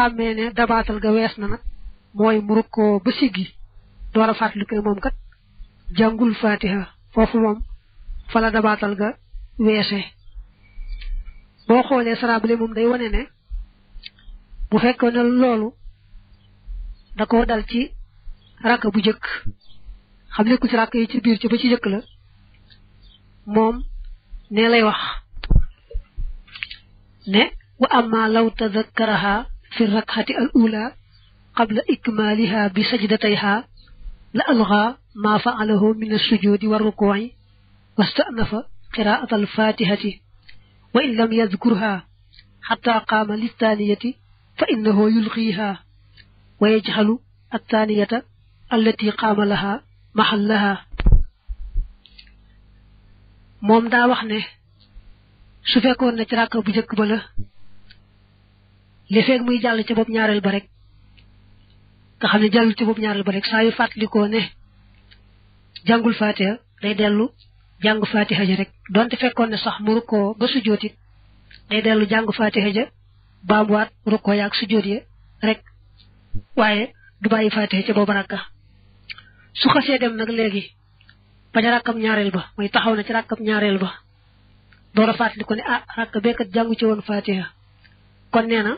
xàmmee ne dabaatal ga wees na mooy mu rukkoo ba siggi door a fàttaliku ne moom kat jàngul fatiha foofu moom fala dabaatal ga weese boo xoolee sarabale moom day wane ne bu fekkoon ne loolu da koo dal ci rakk bu jëkk xam ne ku ci ci biir la moom ne lay wax ne wa amma law fi rakxati al ula qabla ikmaliha bi sajdatayha la alga ma faalahu min assujudi wa rukuci wastanafa qiraat alfatihati wa in lam yadkurha xata qaama litaniyati fa innahu yulqiiha wa yajxalu attaniyata allati qaama laha mahallaha moom daa wax ne su fekkoon na ci ràkk bu jëkk ba la li feeg muy jàll ca bopp ñaareel ba rek nga xam ne jàll ca bopp ñaareel ba rek saa yu fàttalikoo ne jàngul faatiha day dellu jàng faatiha ja rek donte fekkoon ne sax mu rukkoo ba sujjóot it day dellu jàng faatiha ja baamuwaat rukkoo yaag sujjóot ya rek waaye du bàyyi faatiha ca boobu rakka su xasee dem nag léegi ba ca rakkam ñaareel ba mooy taxaw na ci rakkam ñaareel ba door a fàttaliku ne ah rakka beekat jàngu ci woon faatiha kon nee na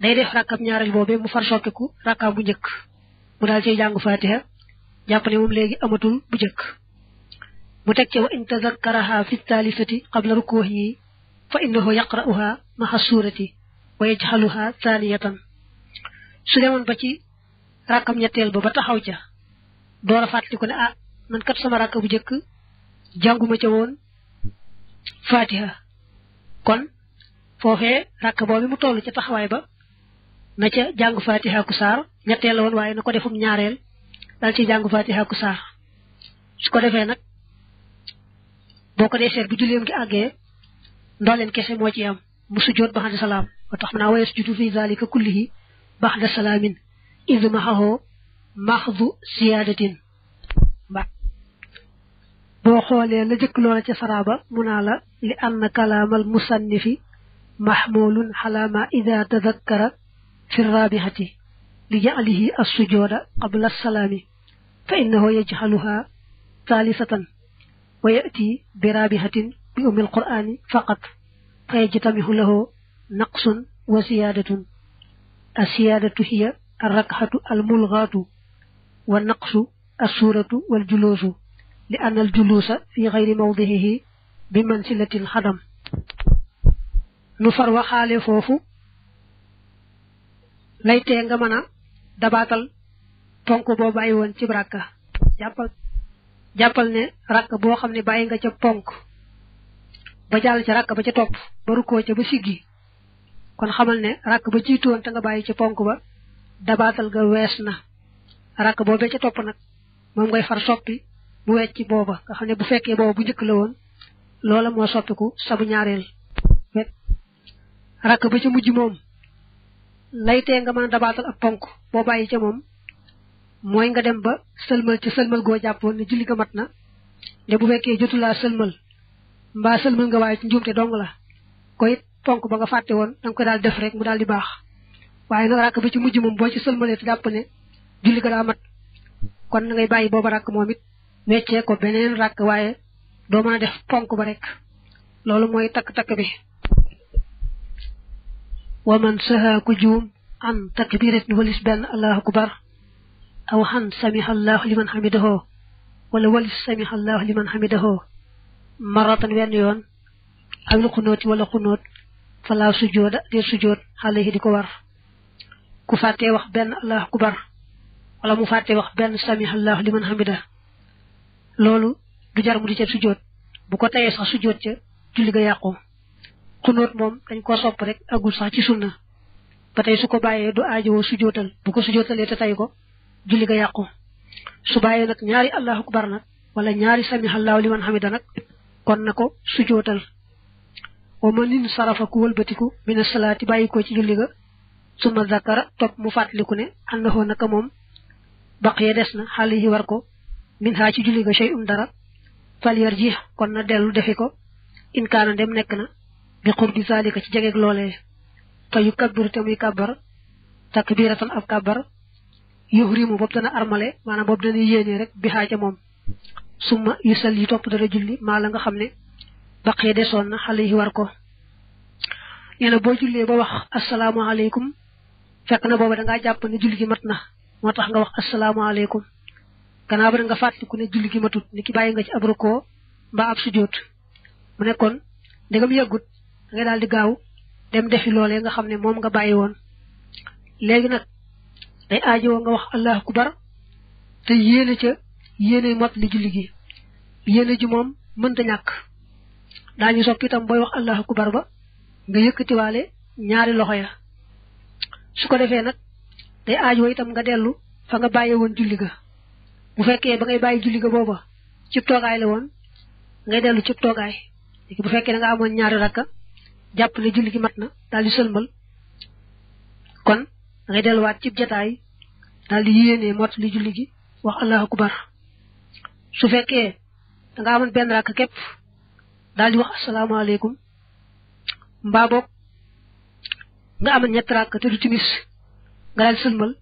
day def rakkab ñaareel boobee mu far sokkiku rakkaam bu njëkk mu daal cey jàng fatiha jàpp moom léegi amatul bu njëkk mu teg ce wa in tazakkaraha fi thalithati qabla rukuhi fa innahu yaqra'uha maha suurati wa yajhaluha thaniyatan su demoon ba ci rakkam ñetteel ba ba taxaw ca door a fàttali ko ne ah man kat sama rakka bu njëkk jànguma ca woon fatiha kon foofee rakk boobu mu toll ca taxawaay ba na ca jàng fatiha ku saar ñetteel woon waaye na ko defum ñaareel dal ci jàng fatiha saar su ko defee nag boo ko dee seet bu julleem gi àggee ndooleen kese moo ci am mu sujjóot baxda salaam wa tax naa waye sujudu fi zalika kullihi baxda salaamin maxdu siyaadatin boo xoolee la jëkk loola ca saraba mu naa la li ann kalaamal musannifi mahmulun xalama ida tadakkara fi raabihati li ja'lihi as-sujuda qabla as-salaami fa innahu yaj'aluha thaalisatan wa ya'ti bi raabihatin bi ummi al-qur'aani faqat fa yajtamihu lahu naqsun wa ziyaadatun as-siyaadatu hiya ar-rak'atu al-mulghaatu wa naqsu as-suuratu wal-juluusu li anna al-juluusa fi ghayri mawdihihi bi manzilatil xadam nu far waxaale foofu lay tee nga mën a dabaatal ponk boo bàyyi ci cib ràkka jàppal ne ràkka boo xam ne bàyyi nga ca ponk ba jàll ca rakk ba ca topp ba rukkoo ca ba siggi kon xamal ne ràkk ba jiitu woon bàyyi ca ponk ba dabaatal ga wees na ràkk boobee ca topp nag moom ngay far soppi mu wecc booba nga xam ne bu fekkee booba bu njëkk la woon loola moo soppiku sabu ñaareel ràkk ba ca mujj moom laytee nga mën a dabaatal ak ponk boo bàyyi ca moom mooy nga dem ba sëlmal ci sëlmal goo jàppoon ne julli ga mat na ne bu fekkee jotu laa sëlmal mbaa sëlmal nga waaye ci njuumte dong la ko it ponk ba nga fàtte woon da nga koy daal def rek mu daal di baax waaye nag ràkk ba ci mujj moom boo ci sëlmalee te jàpp ne julli ga daa mat kon na ngay bàyyi booba rakk moom it weccee ko beneen ràkk waaye doo mën a def ponk ba rek loolu mooy takk-takk bi wa man sahaa ku juum an takbiratin walis benn allahu akbar aw xan samiha allahu liman xamidahoo wala walis samiha allahu liman xamidahoo maratan wenn yoon aw il xunooti wala xunóot falaa sujooda dee sujood alayhi di ko war ku fàttee wax benn allahu akbar wala mu fàttee wax benn samiha allahu liman xamida loolu du jar mu di ca sujood bu ko tayee sax sujood ca julli ga yàqu xunóot moom dañ koo sopp rek agul sax ci sunna ba tey su ko bàyyee du aajowoo sujootal bu ko sujootalee te tay ko julli ga su bàyyee nag ñaari allahu akbar nag wala ñaari sami allahu liman hamida nag kon na ko sujootal wa ma nin sarafa ku wëlbatiku mina salaati bàyyi ko ci julli ga ma zakara topp mu fàttaliku ne annahu naka moom baq ya des na xale yi war ko min ha ci julli ga shay um dara fal yarji kon na dellu defi ko in kaana dem nekk na bi qurbi zalika ci jegeeg loolee fa yu kabbiru te muy kàbbar takbiratan ab kàbbar yuhrimu boobu dana armale maanaam boobu dana yéene rek bi xaaja moom summa yu sel yi topp dana julli maa la nga xam ne baqee desoon na xale yi war ko nee na boo jullee ba wax asalaamaaleykum fekk na booba dangaa jàpp ne julli gi mat na moo tax nga wax asalaamaaleykum gannaaw ba nga fàttaliku ne julli gi matut ni ki bàyyi nga ci ab rukkoo mbaa ab sujjóot mu nekkoon nga daal di gaaw dem defi loolee nga xam ne moom nga bàyyi woon léegi nag day aajowoo nga wax allahu akbar te yéene ca yéene mot li julli gi a ji moom mënta ñàkk daañu sopp itam booy wax allahu akbar ba nga yëkkatiwaale ñaari loxo ya su ko defee nag day woo itam nga dellu fa nga bàyyi woon julli ga bu fekkee ba ngay bàyyi julli ga booba cib toogaay la woon ngay dellu cib toogaay bu fekkee da nga amoon ñaari rakka jàpp ne julli gi mat na daal di sëlmal kon da delluwaat ci jataay daal di yéenee mot li julli gi wax allahu akbar su fekkee da nga benn rakk képp daal di wax asalaamaaleykum mbaa boog nga amoon ñett rakk te du timis nga daal di sëlmal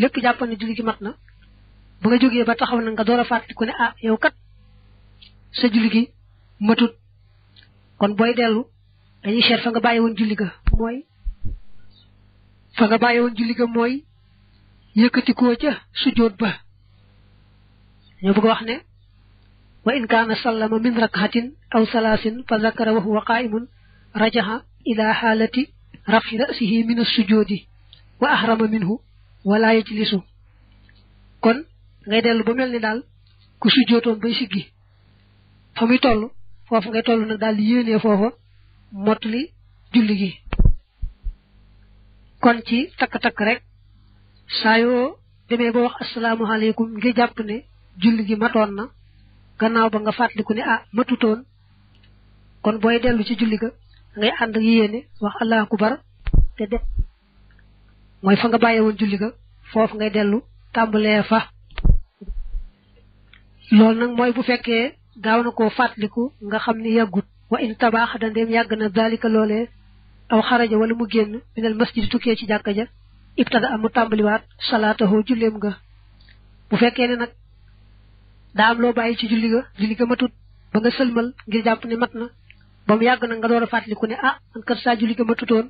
lépp jàpp ne julli gi mat na ba nga jógee ba taxaw na nga door a fàttaliku ah yow kat sa julli gi matut kon booy dellu dañuy seet fa nga bàyyi woon julli ga mooy fa nga bàyyi woon julli ga mooy sujjóot ba ñoo bëgg wax ne wa in kaana sallama min rakahatin aw salaasin fa zakara wa huwa qaa'imun rajaha ila xaalati rafi rasihi min as-sujoodi wa ahrama minhu wala yajlisu kon ngay dellu ba mel ni daal ku sujjootoon bay siggi fa muy toll foofu ngay toll nag daal di foofa mottali julli gi kon ci takk-takk rek saa demee ba wax asalaamaaleykum ngi jàpp ne julli gi matoon na gannaaw ba nga fàttaliku ne ah matutoon kon booy dellu ci julli ga ngay ànd ak yéene wax allah akubar te de mooy fa nga bàyyee woon julli ga foofu ngay dellu tàmbalee fa loolu nag mooy bu fekkee gaaw na koo fàttaliku nga xam ni yàggut wa in tabaax da ndeem yàgg na daalika loolee aw xaraja wala mu génn minal masjid tukkee ci jàkka ja ibtada am mu tàmbaliwaat salaatahu julleem nga bu fekkee ne nag daa am loo bàyyi ci julli ga julli ga matut ba nga sëlmal ngir jàpp ni mat na ba mu yàgg na nga door a fàttaliku ne a ah, man kat saa julli ga matutoon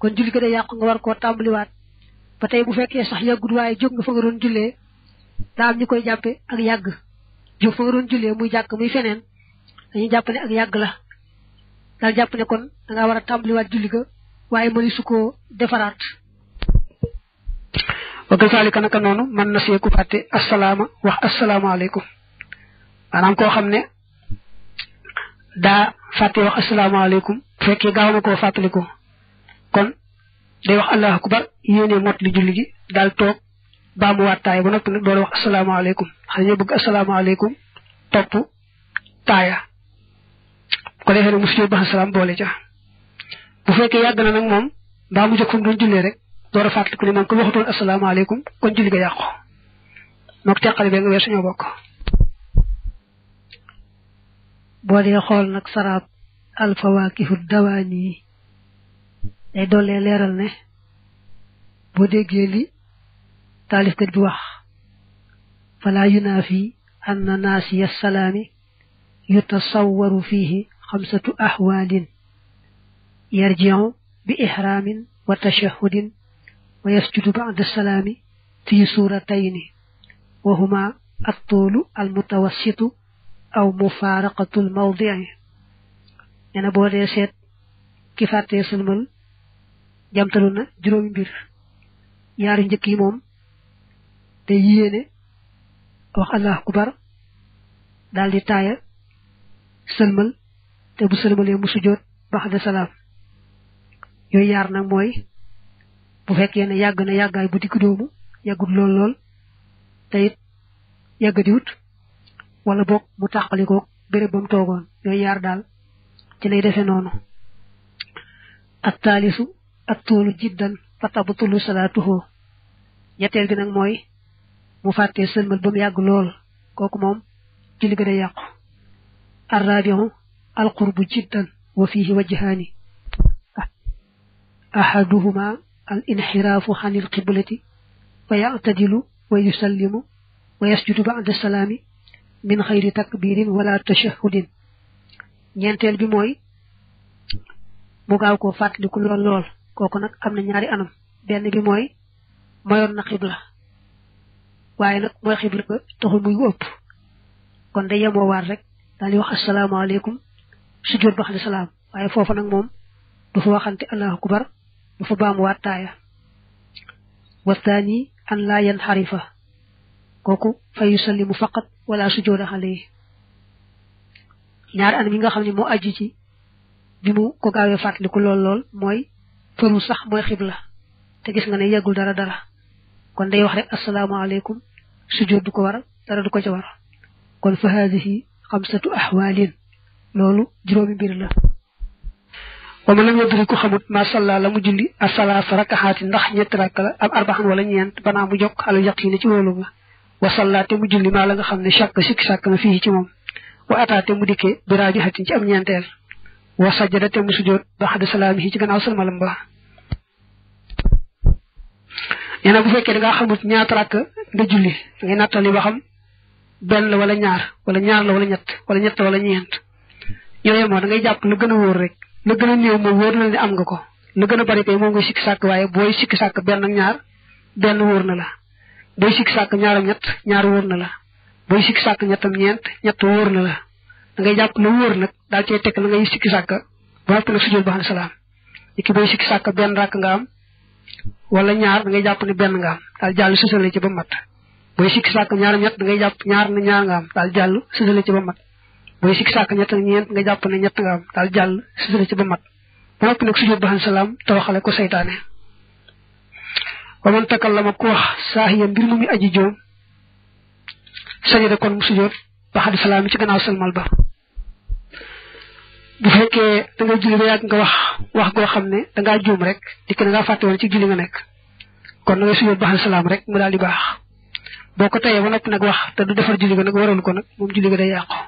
kon julli ga nga war koo ba tey bu fekkee sax yàggut waaye jóg nga fa nga doon jullee daa am ñu koy jàppe ak yàgg jóg fa nga doon jullee muy jàkk muy feneen dañuy ak yàgg la daal jàpp ne kon da war a tàmbaliwaat julli ga waaye mëni su ko defaraat wagal saalika naka noonu mën na seeku fàtte asalaama wax asalaamaaleykum maanaam koo xam ne daa fàtte wax asalaamaaleykum bu fekkee gaaw na koo fàttaliku kon day wax allahu akbar yéene mot li julli gi daal toog baamu waat taaya ba noppi nag doole wax asalaamaaleykum xam ne ñoo bëgg asalaamaaleykum topp taaya ko defee nag mu sujjóot ba salaam boole ca bu fekkee yàgg na nag moom mbaa mu jóg fa mu rek door a fàttaliku ne moom ko waxatoon asalaamaaleykum kon julli ga yàqu mook teqale bee nga weer suñoo bokk boo dee xool nag saraab alfawaakihu dawaan yi day leeral ne boo déggee li taalifkat bi wax falaa yunaafi anna naasiya salaami yutasawwaru fiihi xamsatu ahwaalin yarji'u bi ihraamin wa tashahhudin wa yasjudu ba'da salaami fi suuratayni wa huma attoolu almutawassitu aw mufaaraqatul mawdi'i nee na seet ki fàttee sëlmal jamtalu na juróomi mbir moom te yéene wax allahu taaya sëlmal te bu sëlmalee mu sujjóot baxda salaam yooyu yaar nag mooy bu fekkee ne yàgg na yàggaay bu digg doomu yàggut lool lool te it yàggadiwut wala boog mu tàqalikoo béréb ba mu toogoon yooyu yaar daal ci lay defee noonu ak taalisu ak tóolu jiddan fatabtulu salaatuhu ñetteel bi nag mooy mu fàttee sëlmal ba mu yàgg lool kooku moom julli ga day yàqu alqurbu jiddan wa fihi wajhaani ahaduhuma al inxiraafu an il qiblati wa yactadilu wa yusallimu wa yasjudu bada salaami min xayri takbirin wala tashahudin ñeenteel bi mooy mu gaaw ko fàttaliku lool lool kooku nag am na ñaari anam benn bi mooy mayoon na xibla waaye nag mooy xibla ba taxul muy ëpp kon da yemoo rek daal di wax asalaamaaleykum sujjóot ba xam salaam waaye foofa nag moom du fa waxante allahu akbar du fa baamuwaat taaya wastaani an laa yan xarifa kooku fa yusallimu faqat wala sujjóoda alayhi ñaari anam yi nga xam ni moo aju ci bi mu ko gaawee fàttaliku lool lool mooy fëru sax mooy xibla te gis nga ne yeggul dara dara kon day wax rek asalaamaaleykum sujjóot du ko war dara du ko ca kon fa haadihi xamsatu ahwaalin loolu juróomi mbir la wa ma lam yadri ku xamut ma salla la mu julli asalaasa rakaxaati ndax ñetti rakk la am arbaxan wala ñeent banaa mu jokk alal yaqiini ci wóolu ba wa salla te mu julli maa la nga xam ne chàkk sikki sàkk na fii ci moom wa ataate mu dikkee biraaju xatin ci am ñeenteel wa sajada te mu sujjoot baxda salaamihi ci gannaaw salmalam ba nee na bu fekkee da ngaa xamut ñaata rakk nga julli nga nattali ba xam benn la wala ñaar wala ñaar la wala ñett wala ñett wala ñeent yooyu moo da ngay jàpp la gën a wóor rek la gën a néew moom wóor na la ne am nga ko la gën a bari kay moom nga sikki sàkk waaye booy sikki sàkk benn ak ñaar benn wóor na la booy sikki sàkk ñaaram ñett ñaar wóor na la booy sikki sàkk ñettam ñeent ñett wóor na la da ngay jàpp la wóor nag daal cee teg la ngay sikki sàkk ba noppi nag sujjóot ba xam salaam ki booy sikki sàkk benn rakk nga am wala ñaar da ngay jàpp ne benn nga am daal jàll sësale ci ba mat booy sikki sàkk ñaaram ñett da ngay jàpp ñaar na ñaar nga am daal jàll sësale ci ba mat mooy sikki sàkk ñett ak ñeent nga jàpp ne ñett nga am daal jàll sujude ci ba mat ba noppi nag sujud ba salaam tawaxale ko saytaane wa man takallama ku wax saahiya mbir mu muy aji joom sajada kon mu sujud ba xadi salaam yi ci gannaaw salmal ba bu fekkee da nga julli ba yàgg nga wax wax goo xam ne da ngaa juum rek dikk da ngaa fàtte woon ci julli nga nekk kon da ngay sujud ba salaam rek mu daal di baax boo ko tayee ba noppi nag wax te du defar julli ga nag waral ko nag moom julli ga day yàqu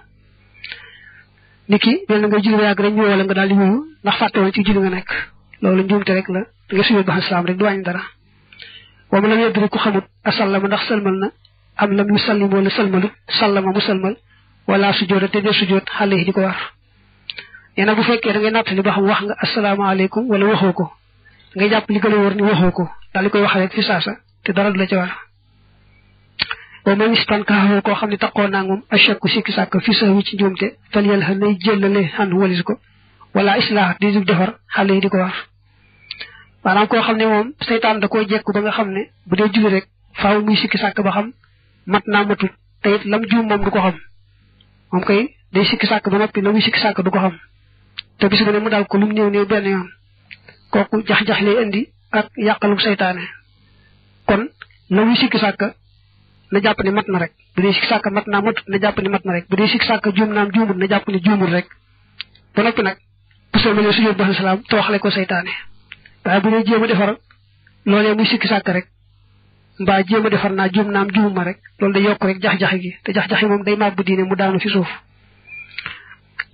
niki mel na nga julli rek ñu woo daal di wuyu ndax fàtte woon ci julli nga nekk loolu njuumte rek la nga suyoo ba salaam rek du wàññi dara wa mu lam yedd rek ku xamut asallama ndax salmal na am lam yu sallim wala salmalut sallama mu salmal wala sujjóota te dee sujjóot xale yi di ko war nee bu fekkee da ngay nattali ba xam wax nga asalaamaaleykum wala waxoo ko da ngay jàpp li gën a wóor ni waxoo ko daal di koy wax rek fi saasa te dara du la ca war wa man istankahu koo xam ne taxoo naa moom achakku sikki sàkk fi sawi ci njuumte fan yel xa nay jëllale xan walis ko wala islaax di dub defar xale yi di ko war maanaam koo xam ne moom seytaan da koo jekku ba nga xam ne bu dee julli rek faaw muy sikki sàkk ba xam mat naa matut te lam juum moom du ko xam moom kay day sikki sàkk ba noppi la muy sikki sàkk du ko xam te bis bu ne mu daal ko lum néew néew benn yoon kooku jax-jax lay indi ak na jàpp ne mat na rek bu dee sikk sàkka mat naa matut na jàpp na rek bu dee sikk sàkka juum naam juumul na jàpp ne juumul rek ba noppi nag bu soobalee sujjóot ba salaam tooxale ko seytaane waaye bu dee jéem a defar rek mbaa a naa juum naam juum ma rek loolu day yokk rek jax-jaxi gi te jax-jaxi moom day màbbu diine mu daanu fi suuf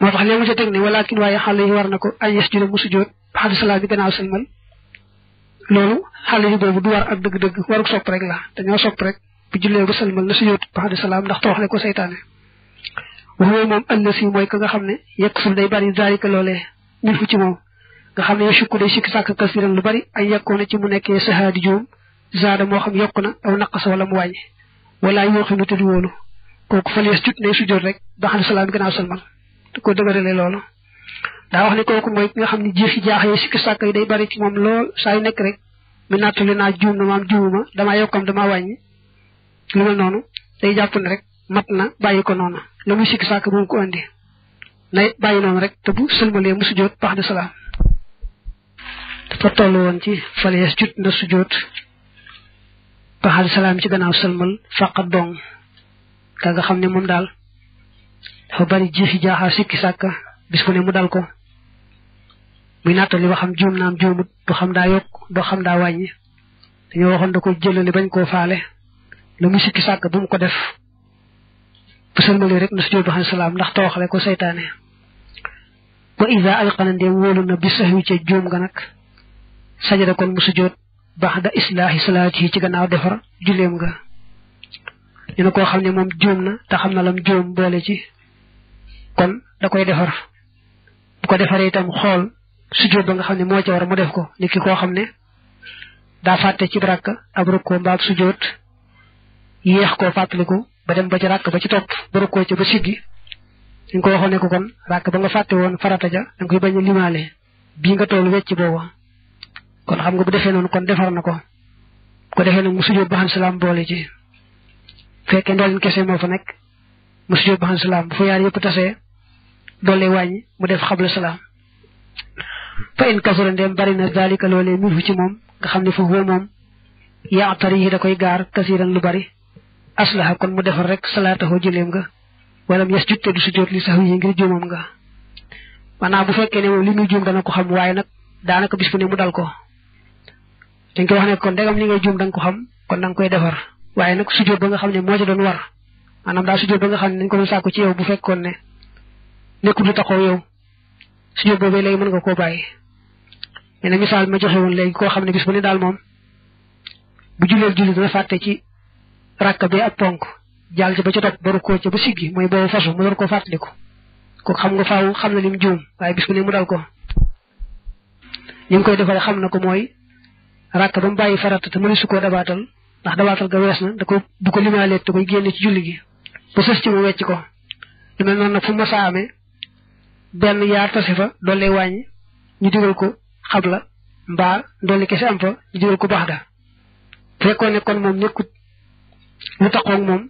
moo tax léegi mu ca teg ne walakin waaye xale yi war na ko ay yes jula mu sujjóot xadi salaam bi gannaaw sëlmal loolu xale yi boobu du war ak dëgg-dëgg waru sopp rek la dañoo sopp rek bi jullee ba sëlmal na sujjóot baxda salaam ndax tooxle ko seytaane waxuwa moom allasi mooy ka nga xam ne yekk sul day bari zaalika loolee min fu ci moom nga xam ne yow sukku day sikki sàkk na ci mu nekkee sahaadi juum zaada moo xam yokku na aw naqas wala mu wàññi wala yoo xam ne tëdd wóolu kooku falees jut ne sujjóot rek baxda salaam gannaaw sëlmal te ko dëgërale loolu daa wax ne kooku mooy ki nga xam ne jëf yi jaaxee sikki sàkk day bari ci moom lool saa nekk rek mi nattali naa juum na maam juumuma damaa yokkam damaa wàññi lu mel noonu day jàpp ne rek mat na bàyyi ko noonu la mu sikk sàkk bu mu ko andi nay bàyyi noonu rek te bu sëlmalee mu sujjóot baax de salaam dafa toll woon ci falees jut na sujjóot baax salaam ci gannaaw sëlmal fàqa dong ka nga xam ne moom daal dafa bari jiixi sàkk bis bu ne dal ko muy nattali ba xam juum naam juumut du xam daa yokk doo xam daa wàññi dañoo waxoon da ko jëlale bañ koo faale lu mu sikki sàkk bu mu ko def bu sëlmalee na sujjóot ba salaam ndax tooxale ko seytaane wa ida ayqana ndéem wóolu na bi saxwi ca juum nga nag sajada kon mu sujjóot baxda ci gannaaw defar julleem xam ne moom juum na te xam na lam juum boole ci kon da koy defar bu ko defaree itam xool sujjóot ba nga xam ne moo ca war mu def ko nit koo xam ne daa fàtte ci baraka ab rukkoo mbaab sujjóot yéex ko fàttaliku ba dem ba ci ràkk ba ci topp ba rukkoo ca ba siggi dañ ko waxoon ne ko kon ràkk ba nga fàtte woon farata ja da koy bañ a limaale bii nga toll wecc booba kon xam nga bu defee noonu kon defar na ko ko defee nag mu sujjóot ba xam salaam ci fekkee ndoolin kese moo fa nekk mu ba xam salaam bu fa yaar yëpp tasee doole wàññi mu def xabla salaam fa in kasura ndem bari na dalika loolee minhu ci moom nga xam ne foofu moom yaatari yi da koy gaar kasiran lu bari aslaha kon mu defar rek salaataxoo jëleem nga walam yes jutte du sujjóot li sax yi ngir juumam nga maanaam bu fekkee ne moom li muy juum dana ko xam waaye nag daanaka bis bu ne mu ko dañ koy wax ne kon ndegam li da ko xam kon da koy defar waaye nag sujjóot ba nga xam ne moo ca doon war maanaam daal sujjóot ba nga xam ne dañ ko doon sàkku ci yow bu fekkoon ne nekkul lu taxaw yow sujjóot boobee léegi mën nga koo bàyyi mais misaal ma joxe woon koo xam ne bis bu daal moom bu jullee julli dana fàtte ci rakk bi ak ponk jàll ci ba ci topp baru koo ca ba siggi mooy boobu fasu mu doon ko fàttaliku ko xam nga faaw xam na lim juum waaye bis bu ne mu dal ko ni mu koy defale xam na ko mooy rakk ba mu bàyyi farata te mënu su koo dabaatal ndax dabaatal ga wees na da bu ko limaalee te koy génne ci julli gi ba sës ci mu wecc ko lu mel noonu nag fu ma ame benn yaar tase fa doole wàññi ñu digal ko xabla mbaa doole kese am fa ñu digal ko baax da fekkoon ne mu taqoog moom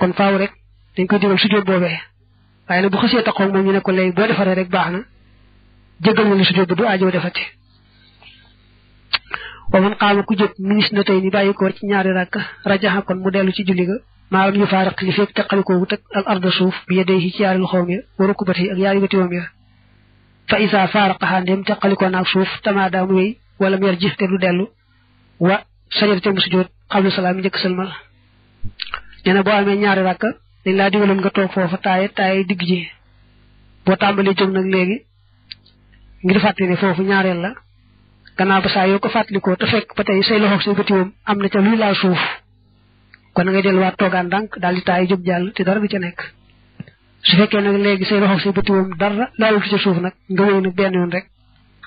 kon faaw rek dañ koy digal sujjóot boobee waaye nag bu xësee taqoog moom ñu ne ko boo defaree rek baax na jéggal na la sujjóot ba du aajoo defati wa man xaama ku jóg minis na tey ni bàyyi ko ci ñaari rakk rajaxa kon mu dellu ci julli ga maalam yu faaraq li fekk teqalikoo wut ak suuf bi wa ya fa isa faaraqahaa ndem teqalikoo naak daa mu wéy wala mu yar jif te du dellu wa sajada te mu sujjóot xablu salaam njëkk sëlmal nee na boo amee ñaari rakk dañ laa digaloon nga toog foofa taaye taaye digg ji boo tàmbalee jóg nag léegi ngir fàttali ne foofu ñaareel la gannaaw ba saa yoo ko fàttalikoo te fekk ba tey say loxoog say bëtiwoom am na ca luy laal suuf kon ngay delluwaat toogaan ndànk daal di taaye jóg jàll te dara du ca nekk su fekkee nag léegi say loxoog say bëtiwoom dara laalul ci suuf nag nga wéy nag benn yoon rek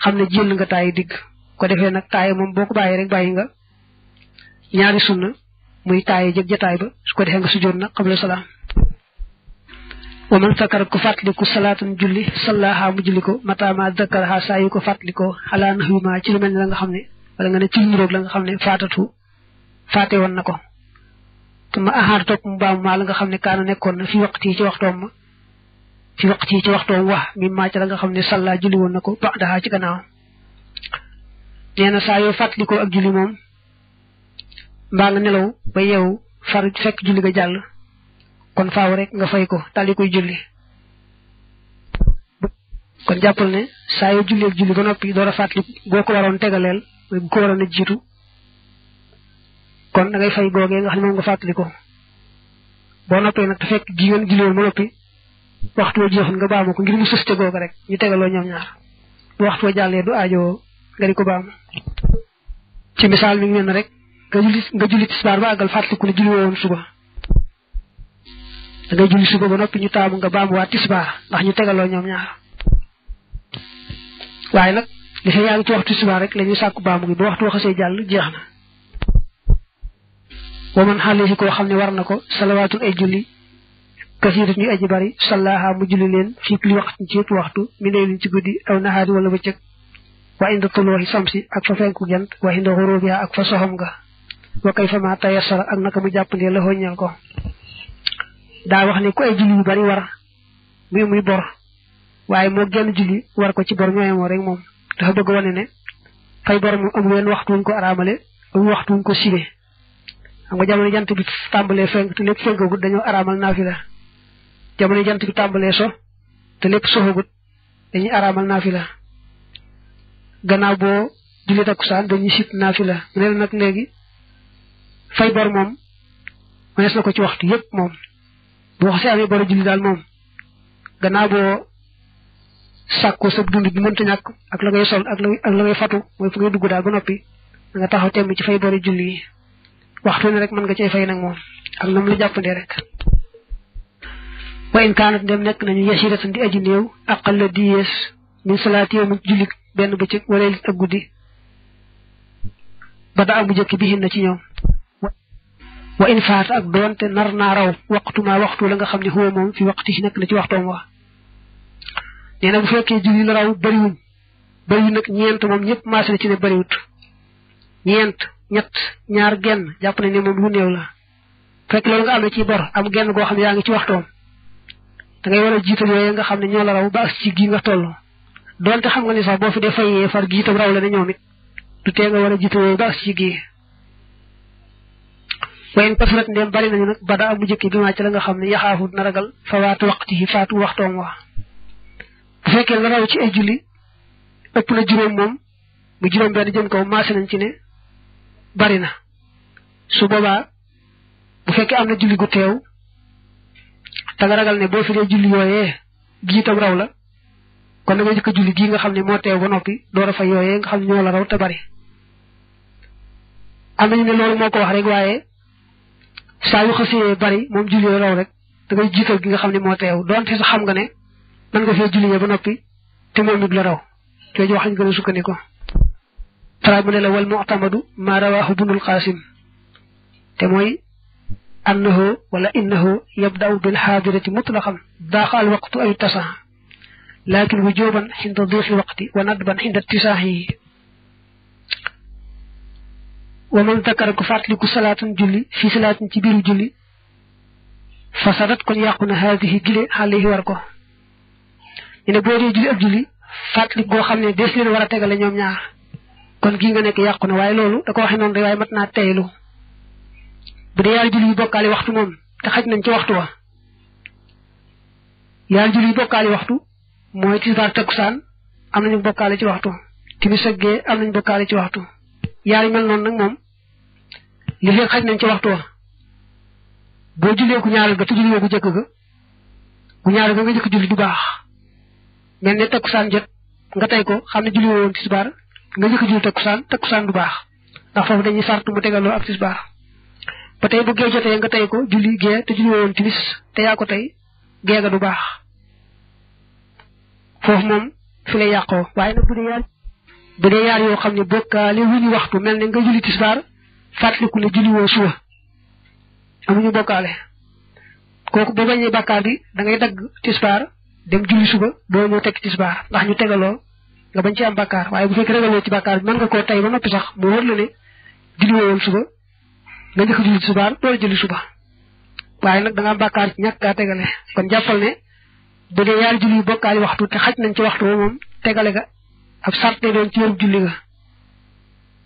xam ne jël nga taaye digg ko defee nag taaye moom boo ko bàyyi rek nga ñaari sunna muy taaye ja jataay ba su ko defee nga sujjoon na qabla salaam wa man sakara ku fàttaliku salaatan julli sallaha mu julli ko matama saa yu ko fàttalikoo xalaa nax ma ci lu xam ne wala nga ne ci niroog la nga xam ne faatatu faate woon na ko tuma ahaar topp mu baamu la nga xam ne kaana nekkoon na fi waqti ci waxtoom ma fi waqti ci la nga xam ne salla julli woon na ko baxdaha ci gannaaw nee na saa yoo fàttalikoo ak julli moom mbaa nga nelaw ba yeewu far fekk julli ga jàll kon faaw rek nga fay ko daldi koy julli kon jàppal ne saa julli ak julli ba noppi door a fàttali boo ko waroon tegaleel mooy bu ko nga xam ne moom nga fàttali ko boo noppee nag te fekk gi ngeen ba noppi waxtu wa jeexoon nga baamu ko ngir mu sëste googa rek ñu tegaloo ñoom ñaar bu waxtu wa jàllee du aajoo nga di ko baamu ci misaal mi ngi mel ne rek nga julli nga julli tisbaar ba àggal fàttaliku ne julli woon suba da ngay julli suba ba noppi ñu taamu nga baamuwaat tisbaar ndax ñu tegaloo ñoom ñaar waaye nag li fee yaa ngi ci waxtu tisbaar rek la baamu gi ba waxtu waxasee jàll jeex na wa man xale si koo xam ne war na ko salawaatul ay julli kasiirat ñuy aji bari sallaaha mu julli leen fii li waxtu ci waxtu mi ne leen ci guddi aw naxaari wala bëccëg wa inda tuluuxi samsi ak fa fenku gent wa kay fama tayassara ak naka mu jàppandee la hoññal ko daa wax ne ku ay julli bari war muy muy bor waaye moo genn julli war ko ci bor ñooyemoo rek moom dafa bëgg wane ne fay bor moom amul wenn waxtu wuñ ko araamale amul waxtu ko sibee xam nga jamono jant bi tàmbalee fenk te lépp fenkagut dañoo araamal naafila jamono jant bi tàmbalee so te lépp soxagut dañuy araamal naafila gannaaw boo julli takkusaan dañuy sit naafila mu ne nag fay bor moom mënees ko ci waxtu yépp moom boo xasee amee bor julli daal moom gannaaw boo sàkkoo sa daal ba noppi da taxaw temm ci fay bor julli yi rek mën nga cay fay nag moom ak nam rek wa in kaanat dem nekk nañu yasiratan di aji néew aqal la di yees min salaati yow mu julli benn bëccëg wala lit ak guddi ba da jëkk bi hin na ci ñoom wa in ak doonte nar naa raw waxtu ma la nga xam ne xoo moom fi waxtu si nekk na ci waxtoom wa nee na bu fekkee julli la raw bëriwuñ bëriwuñ nag ñeent moom ñëpp maase na ci ne bëriwut ñeent ñett ñaar genn jàpp nañ ne moom lu néew la fekk loolu nga am na ci am genn goo xam ne yaa ngi ci waxtoom a jiital yooyu nga xam ne ñoo la raw nga toll doonte xam nga ni sax boo fi dee fayee far gi itam raw la ne ñoom du tee nga war a jiital yooyu ba ci gi wayen la nga xam ne yaxaafu na ragal fa waatu waqti yi waxtoom wa bu fekkee la raw ci ay julli ëpp na juróom moom bu juróom benn jëm kaw maase nañ ci ne bari na su boobaa bu fekkee am na julli gu teew te ragal ne boo firee julli yooyee gi itam raw la kon da jëkk julli gii nga xam ne moo teew ba noppi door a fay yooyee nga xam ne ñoo la raw te bari am nañu ne loolu moo ko wax rek waaye saa yu xasee bari moom julli raw rek da ngay jiital gi nga xam ne moo teew donte sax xam nga ne mën nga fee julli ba noppi te moom it la raw jooju wax lañ gën a sukkandiku. traag mu ne la wal mu'tamadu ma rawaahu bunul qaasim te mooy annahu wala innahu yabda'u bil xaadirati mutlaqan daaqa al waqtu ay tasa laakin wujuban xinda diixi waqti wa nadban xinda tisaaxi wa man zakara ku fàttaliku salaatan julli fi salaatin ci biiru julli fasadat kon yàqu na haadihi gile alayhi war ko ñu boo dee julli ab julli fàttaliku goo xam ne des leen war a tegale ñoom ñaar kon gii nga nekk yàqu na waaye loolu da ko waxee noonu rek waaye mat naa teylu bu dee yaari julli yu bokkaale waxtu moom te xaj nañ ci waxtu wa yaari julli yu bokkaale waxtu mooy tisbaar takkusaan am nañu bokkaale ci waxtu timis am nañu bokkaale ci waxtu yaari mel noonu nag moom li fekk xaj nañ ci waxtu wa boo jullee ku ñaareel ga te julliwoo ku jëkk ga ku ñaareel ga nga jëkk julli du baax mel ne takkusaan jot nga tey ko xam ne julliwoo woon tisbaar nga jëkk julli takkusaan takkusaan du baax ndax foofu dañuy sart mu tegaloo ak tisbaar ba tey bu gee jotee nga tey ko julli gee te julliwoo woon timis te yaa ko tey gee ga du baax foofu moom fi lay yàqoo waaye nag bu dee yaar yoo xam ne bokkaale wuñu waxtu mel ne nga julli tisbaar fàttaliku ne julliwoo suba amuñu bokkaale kooku boo bañee bàkkaar bi da ngay dagg tisbaar dem julli suba doo ñëw tekki tisbaar ndax ñu tegaloo nga bañ am bàkkaar waaye bu fekk regaloo ci bàkkaar bi mën nga koo tay ba noppi sax mu wër la ne julliwoo woon suba nga njëkk julli tisbaar doo julli suba waaye nag da nga am bàkkaar ci ñàkk gaa tegale kon jàppal ne bu dee yaari julli bokkaali waxtu te xaj nañ ci waxtu moom tegale ga ab sarte doon ci yoon julli ga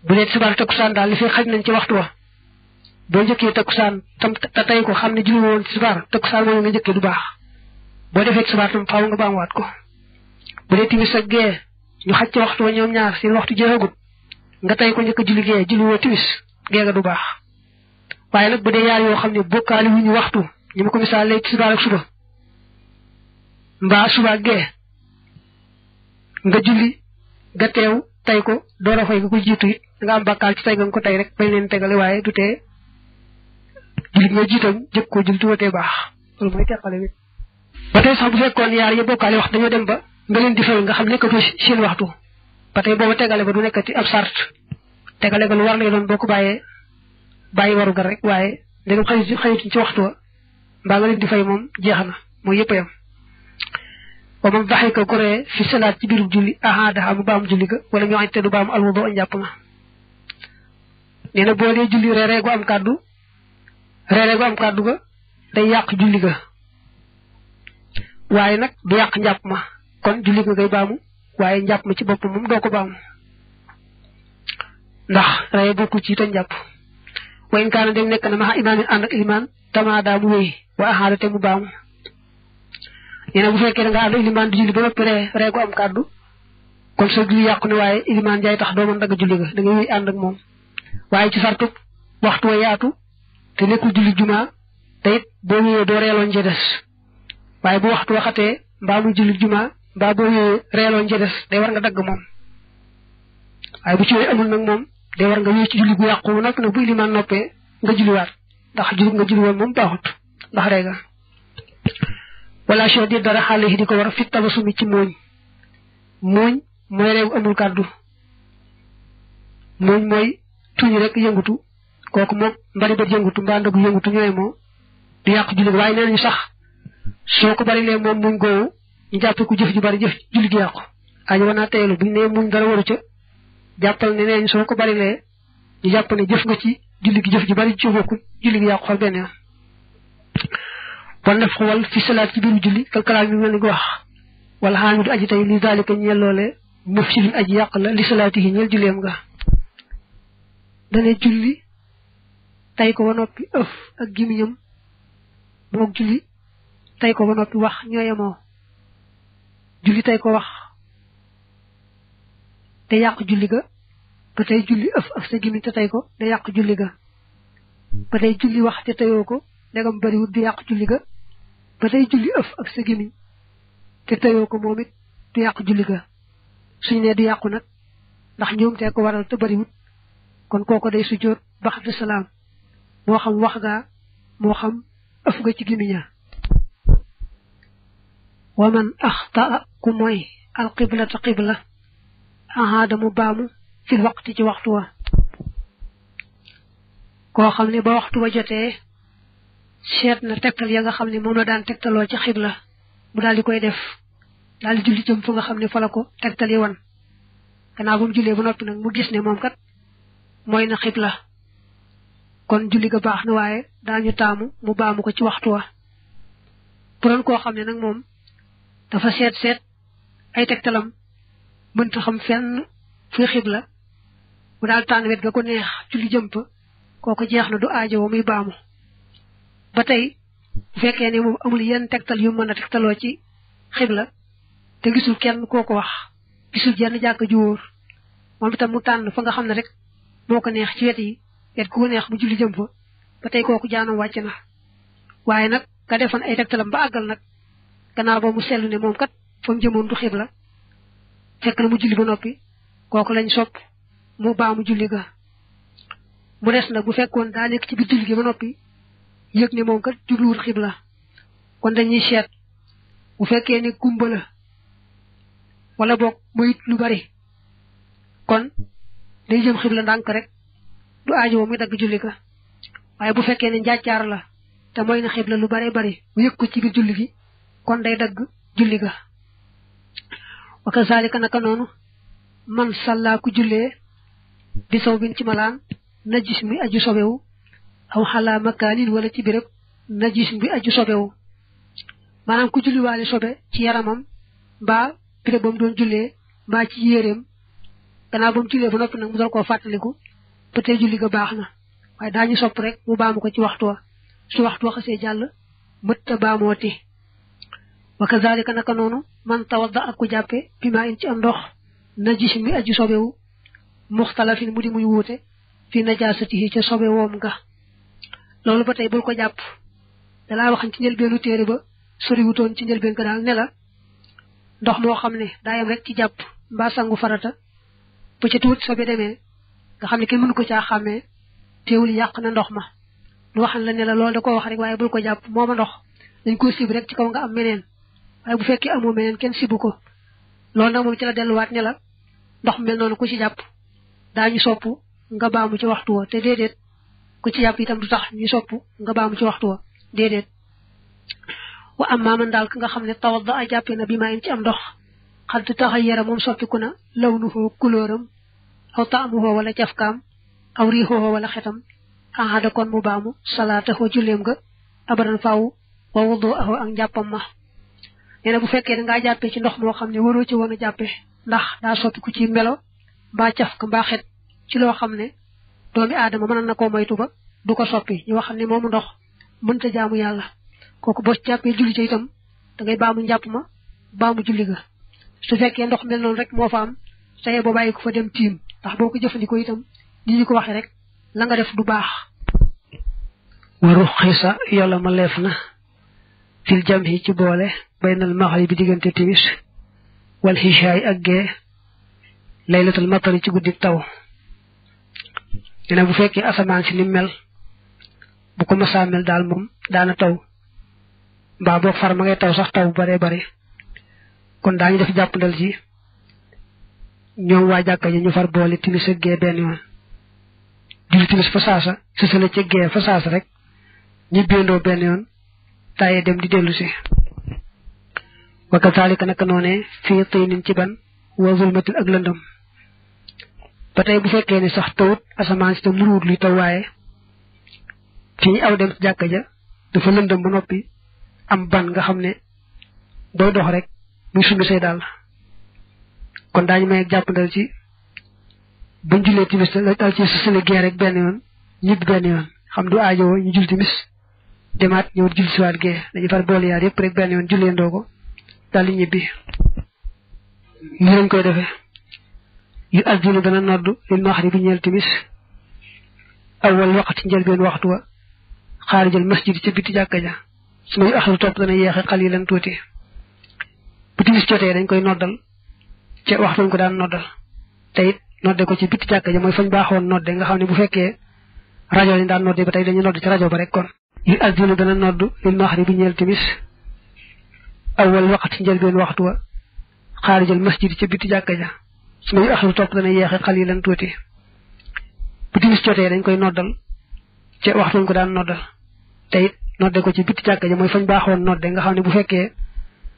bu dee tisbaar takkusaan daal li fi xaj nañ ci waxtu wa boo njëkkee takkusaan tam te tey ko xam ne julli woon tisbaar takkusaan moom nga njëkkee du baax boo defee tisbaar tam faaw nga baamuwaat ko bu dee timis ak gee ñu xaj ci waxtu njëkk a du baax waaye nag bu dee yaar yoo xam ne bokkaali wuñu waxtu ñu ma ko misaal lay tisbaar ak suba mbaa suba gee nga julli ga teew tey door a fay nga ko jiitu it danga am bàkkaar ci tey nga ko rek bañ leen tegale waaye du tee jullit nga jiitam jëkk ko jul tuwatee baax loolu mooy teqale bi ba tey sax bu fekkoon yaar ya bokkaale wax dañoo dem ba nga leen di fël nga xam nekkatu seen waxtu ba tey booba tegale ba du nekkati ab sart tegale ba lu war lay doon boo ko bàyyee bàyyi rek waaye ndegam xëy xëyituñ ci waxtu wa mbaa nga leen fay moom jeex na mooy yëpp yam wa man daxika goree fi salaat ci biirum julli ahaa daxaa mu baam julli te du baam alwudu njàpp nee na boo dee julli reeree gu am kàddu reeree gu am kàddu ga day yàq julli waaye nag du yàq njàpp ma kon julli ga ngay baamu waaye njàpp ma ci boppam moom doo ko baamu ndax reye bokku ci te njàpp wa in kaana dem nekk na maxa imaamin ànd ak ilimaan tamaa daa mu wéy wa axaada te mu baamu nee na bu fekkee da nga ànd ilimaan di julli ba noppi ree ree gu am kàddu kon sa julli yàqu ne waaye ilimaan jaay tax doo mën dagg julli ga da wéy ànd moom waaye ci sartu waxtu wa yaatu te nekkul julli juma te boo ñëwee doo reeloon ca waaye bu waxtu waxatee mbaa julli juma mbaa boo ñëwee reeloon ca des war nga dagg moom waaye bu ci yooyu amul nag moom day war nga wéy ci julli gu yàqu nag nag bu ilimaan noppee nga julliwaat ndax julli nga julli woon moom baaxut ndax reega wala soo dara xaale yi ko war fi tabassum ci mooñ mooñ mooy reegu amul kàddu mooñ mooy tuñ rek yëngutu kooku moom mbari ba yëngutu mbaa ndog yëngutu ñooy moo du yàq julli waaye nee nañu sax soo ko bari lee moom muñ goowu ñu jàpp ku jëf ju bari julli gi yàqu aji war naa teyelu buñ nee ko bari lee ñu jàpp ne jëf nga ci julli gi jëf ju fi salaat ci biiru julli kalkalaat mi mel ni ko wax wala xaamidu aji tey li daalika ñeel loole muf ci aji yàq la li salaati yi ñeel julleem nga dana julli tay ko ba noppi ëf ak gimiñam moog julli tay ko ba noppi wax ñooyemoo julli tay ko wax te yàq julli ga ko da yàq julli ga ba tey julli wax te tayoo ko ndegam bariwut du yàq julli ga ba tey julli ëf ak sa gimiñ te tayoo ko moom it du yàq julli ga suñ ne du yàqu nag ndax ñoom te ko waral te bariwut kon kooko day sujjóot bax de salaam moo xam wax nga moo xam a nga ci gimiña waman axtaa ku mooy alqiblata qibla ahaada mu baamu fil waqti ci waxtu wa koo xam ne ba waxtu wa jotee seet na tegtal ya nga xam ni moom la daan tegtaloo ci xibla mu daal di koy def daal di julli jëm fu nga xam ne fa la ko tegtal yi wan gannaaw bu mu jullee ba noppi nag mu gis ne moom kat mooy na xibla kon julli ga baax na waaye daañu taamu mu baamu ko ci waxtu wa bu doon koo xam ne nag moom dafa seet seet ay tegtalam mënta xam fenn fuy xibla mu daal tànn wet ga ko neex julli jëm fa jeex na du ajo wa muy baamu ba tey bu fekkee ne moom amul yenn tegtal yu mën a tegtaloo ci xibla te gisul kenn koo ko wax gisul jenn jàkk ju wóor moom itam mu tànn fa nga xam ne rek moo ko neex ci wet yi wet ko neex mu julli jëm fa ba tey kooku jaanam wàcc na waaye nag ka defoon ay tegtalam ba àggal nag gannaaw ba mu seetlu ne moom kat fa mu jëmoon du xibla fekk na mu julli ba noppi kooku lañ sopp mu baa mu julli ga mu des nag bu fekkoon daa nekk ci biir julli gi ba noppi yëg ne moom kat jubluwul xibla kon dañuy seet bu fekkee ne gumba la wala boog mayit lu bari kon day jëm xibla ndànk rek du aajo muy dagg julli ga waaye bu fekkee ne njàccaar la te mooy na xibla lu bare bari mu yëg ko ci biir julli gi kon day dagg julli ga wa kazalika naka noonu man sàllaa ci malaan najis mi aju xalaa makaanin wala ci béréb najis bi aju sobewu maanaam ku julliwaale sobe ci yaramam mbaa bérébam doon jullee mbaa ci yéreem gannaaw ba mu jullee ba noppi nag mu dal koo fàttaliku ba tey julli ga baax na waaye daañu sopp rek mu baamu ko ci waxtu wa su waxtu wa xasee jàll mët a baamooti wa kazalika naka noonu man tawadda ak ku jàppe bi maa in ci am ndox najisin mi aju sobewu mu di muy wuute fi najaasatihi ca sobe woom nga loolu ba tey bul ko jàpp dalaa waxan ci njëlbeenu téere ba soriwutoon ci njëlbeen ko daal nela ndox moo xam ne daayam rek ci jàpp mbaa sangu farata bu ci tuut sobe demee nga xam ne kenn mënu ko caa xàmmee teewul yàq na ndox ma lu waxan la ne la loolu da koo wax rek waaye bul ko jàpp mooma ndox dañ koo sib rek ci kaw nga am meneen waaye bu fekkee amoo meneen kenn sibu ko loolu nag moom ci la delluwaat ne la ndox mel noonu ku ci jàpp daañu sopp nga baamu ci waxtu wa te ku ci jàpp itam du tax ñu sopp nga baamu ci waxtu wa déedéet wa am maaman daal ka nga xam ne tawadda a jàppee na bi maa in ci am ndox xadd taxayyara moom soppiku na lawnuhu kulóoram aw taamuhu wala cafkaam aw riixuhu wala xetam ahada kon mu baamu salaatahu julleem ga abadan faaw wa wuduahu ak njàppam ma nee bu fekkee da ngaa jàppee ci ndox moo xam ne waroo ci woon a jàppee ndax daa soppiku ci melo mbaa cafka mbaa ci loo xam ne doomi aadama mën na koo moytu ba du ko soppi ñu wax ne moomu ndox mënta jaamu yàlla kooku boo jàppee julli ca itam da ngay baamu njàpp ma baamu julli ga su fekkee ndox mel noon rek moo fa am saye boo bàyyi ko fa dem tiim ndax boo ko jëfandikoo itam ni ñu ko waxee rek la nga def du baax waru xisa yàlla ma leef na fil jam yi ci boole baynal maxali bi diggante timis wal xisaay ak gee laylatul matari ci guddi taw na bu fekkee asamaan si ni mel bu ko masaa mel daal moom daana taw mbaa boog far ma ngay taw sax taw bu baree bari kon daañu def jàppandal ci ñoom waa jàkka ji ñu far boole timis ak gee benn yoon julli timis fa saasa sësale ca gee fa saasa rek ñi béendoo benn yoon taaye dem di dellu si wa kazalika naka noonee fii tinin ci ban wa zulmatin ak lëndëm ba tey bu fekkee ne sax tawut asamaan si te muruut luy taw waaye fii aw dem jàkka ja dafa lëndëm ba noppi am ban nga xam ne doo dox rek muy summi say daal kon daañu may jàppandal ci buñ jullee timis la daal ci sësale gee rek benn yoon ñibbi benn yoon xam du aajowoo ñu jul timis demaat ñëw jul siwaat gee dañuy far boole yaar yëpp rek benn yoon jullee ndoo ko daal di ñibbi ni lañ koy defee yu addinu dana noddu lil maxrib bi ñeel timis awal waxti njëlbeen waxtu wa xaarijal masjid ca biti jàkka ja su may axlu topp dana yeexe xalilan tuuti bu timis jotee dañ koy noddal ca waxtuñ ko daan noddal te it nodde ko ci bitti jàkk ja mooy fañ baaxoon nga xam ne bu fekkee rajo lañ daan nodde ba tey dañu nodd ci rajo ba rek kon lil addina dana nodd lil maxribi ñeel timis awal waqt njëlbeen waxtu wa xaarijal masjid ca bitti jàkk ja su may axlu topp dana yeexe yi lan tuuti bu dañ koy noddal ca waxtuñ ko daan noddal te it nodde ko ci bitti jàkk ja mooy fañ baaxoon nodde nga xam ne bu fekkee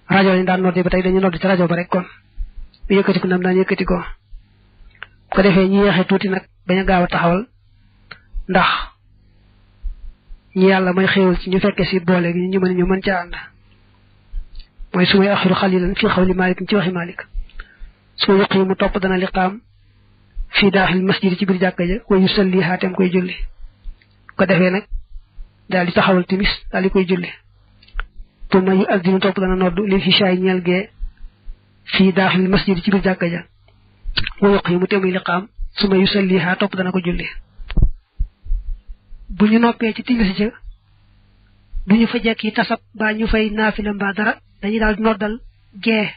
rajo yi daan noddee ba tey dañu nodd ci rajo ba rek kon bu yëkkati ko nam daan yëkkati ko bu ko defee ñu yeexee tuuti nag bañ a gaaw a taxawal ndax ñi yàlla mooy xéewal ci ñu fekkee si boole gi ñu mën ñu mën ca ànd mooy su may axiru xalilan fii xawli Malik ci waxi Malik su ma yëqi mu topp dana liqaam fii daaxil masjid ci biir jàkka ja wa yusalli xaatem koy julli ko defee nag daal di taxawal timis daal di koy julli tuma yu addinu topp dana nodd lil ishaay ñeel gee fii daaxil masjid ci biir jàkka ja wa yoq yi mu temuy liqaam suma yu salliha topp dana ko julli bu ñu noppee ci timis ja du ñu fa jekki tasab mbaa ñu fay naafila mbaa dara dañuy daal noddal gee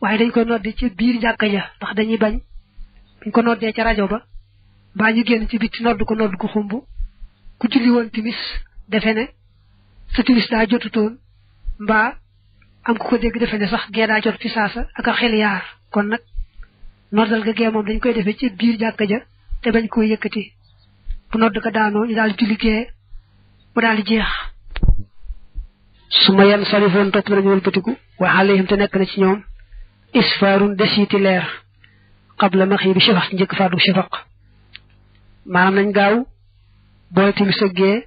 waaye dañ koy noddi ci biir jàkka ja ndax dañuy bañ buñ ko noddee ca rajo ba mbaa ñu génn ci bitti nodd ko nodd ko xumb ku julli woon timis defe ne sa timis daa jotutoon mbaa am ku ko dégg defe ne sax gee daa jot fi saasa ak a xel yaar kon nag noddal ga gee moom dañ koy defee ci biir jàkka ja te bañ koy yëkkati bu nodd ga daanoo ñu daal julli gee mu daal jeex su ma yan salifoon topp nañu wëlbatiku wa alayhim te nekk na ci ñoom isfaarun desiti leer qabla ma xii bi shafaq ci njëkk faatu shafaq maanaam nañ gaaw boole timis a gee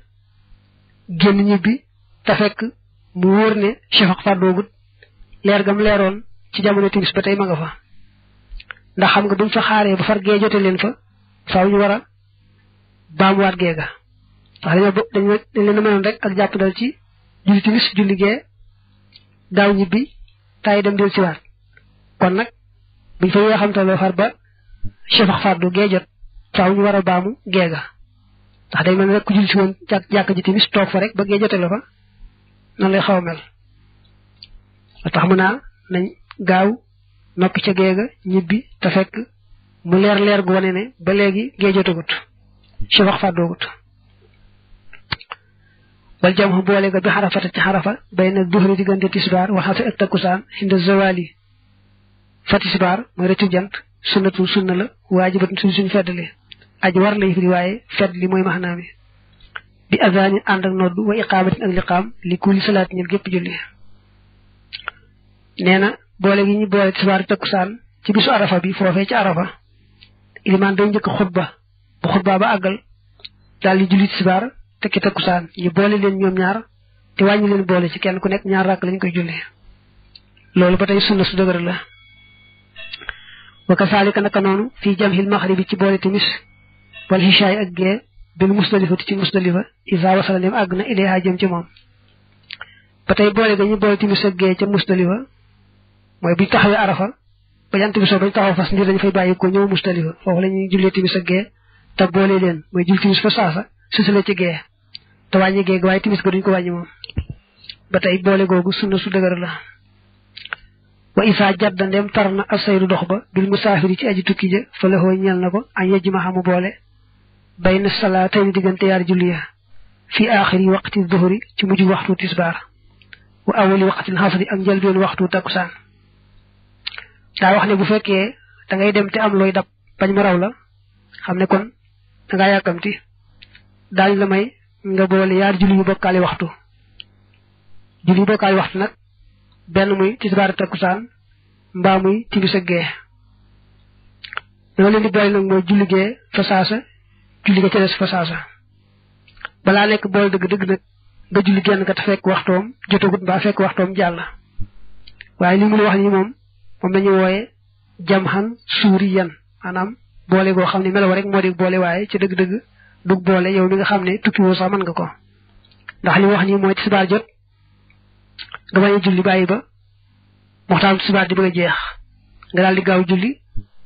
génn ñibbi te fekk mu wóor ne shafaq fàddoogut leer gam leeroon ci jamono timis ba tey ma fa ndax xam nga buñ fa xaaree ba far gee jote leen fa a baamuwaat gee rek ak jàpp dal ci julli timis julli gee daaw ñibbi taay fa yoo xam te loo far ba shafaq fàddu war a baamu gee ga ndax day mel ne rek ku julli si woon jàkk ji timis toog fa rek ba gee jote la fa noonu lay xaw a mel ba tax mu naa nañ gaaw noppi ca géega ñibbi te fekk mu leer leer gu wane ne ba léegi géejatagut ci wax fàddoogut wal jam boole ga bi xarafata ci xarafa bay na duhri diggante tisbaar waxase ak takkusaan xinda zawali fa tisbaar mooy rëccu jant sunnatu sunna la waajibatun suñ suñ feddali aj war lay firi fedd li mooy maxnaami bi azaanin ànd ak noddu wa iqaamatin ak liqaam li kulli salaat ñel gépp julli nee na boole gi ñu boole tisbaar takkusaan ci bisu arafa bi foofee ba àggal daal di julli tisbaar tekki takkusaan ñu boole leen ñoom ñaar te wàññi leen boole ci kenn ku nekk ñaar ràkk lañ koy julli loolu ba tey sunna su dëgër la wa kasaalika naka noonu fii jamhil maxribi ci boole timis wal xichaay ak gee bil musdalifati ci musdalifa isa wasala lim àgg na ilayha jëm ci moom ba tey boole ga ñu boole timis ak gee ca musdalifa mooy buñ taxawee arafa ba jant bi soo bañ taxaw fas ngir dañ fay bàyyi ko ñëw musdalifa foofu la ñuy jullee te boole leen mooy jul timis fa saasa sësale ci gee te wàññi gee waaye la wa dox ba bil musaafiri ñeel na ko an yejji ma xamu boole bayna salaatayni diggante yaar julli ya fi aaxiri waqti duhuri ci mujj waxtu tisbaar wa awali waqtin xasri ak njëlbeen waxtu takkusaan daa wax ne bu fekkee dangay dem te am looy dab bañ ma raw la xam ne kon da ngaa yàkkamti daañu la may nga boole yaar julli yu bokkaale waxtu julli yu bokkaale waxtu nag benn muy tisbaar takkusaan mbaa muy timis gee loolu leen di boole nag mooy julli gee julli nga ca des fa saasa balaa nekk bool dëgg-dëgg nag nga julli genn nga te fekk waxtoom jotagut mbaa fekk waxtoom jàll waaye li wax ni moom moom la ñu wooye jam xan suuri boole goo xam ne melaw rek moo di waaye ci dëgg-dëgg boole yow mi nga xam ne tukki woo sax nga ko ndax li mu wax nii mooy tisbaar jot nga bañ a julli bàyyi ba waxtaan tisbaar di bëgg a jeex nga daal di gaaw julli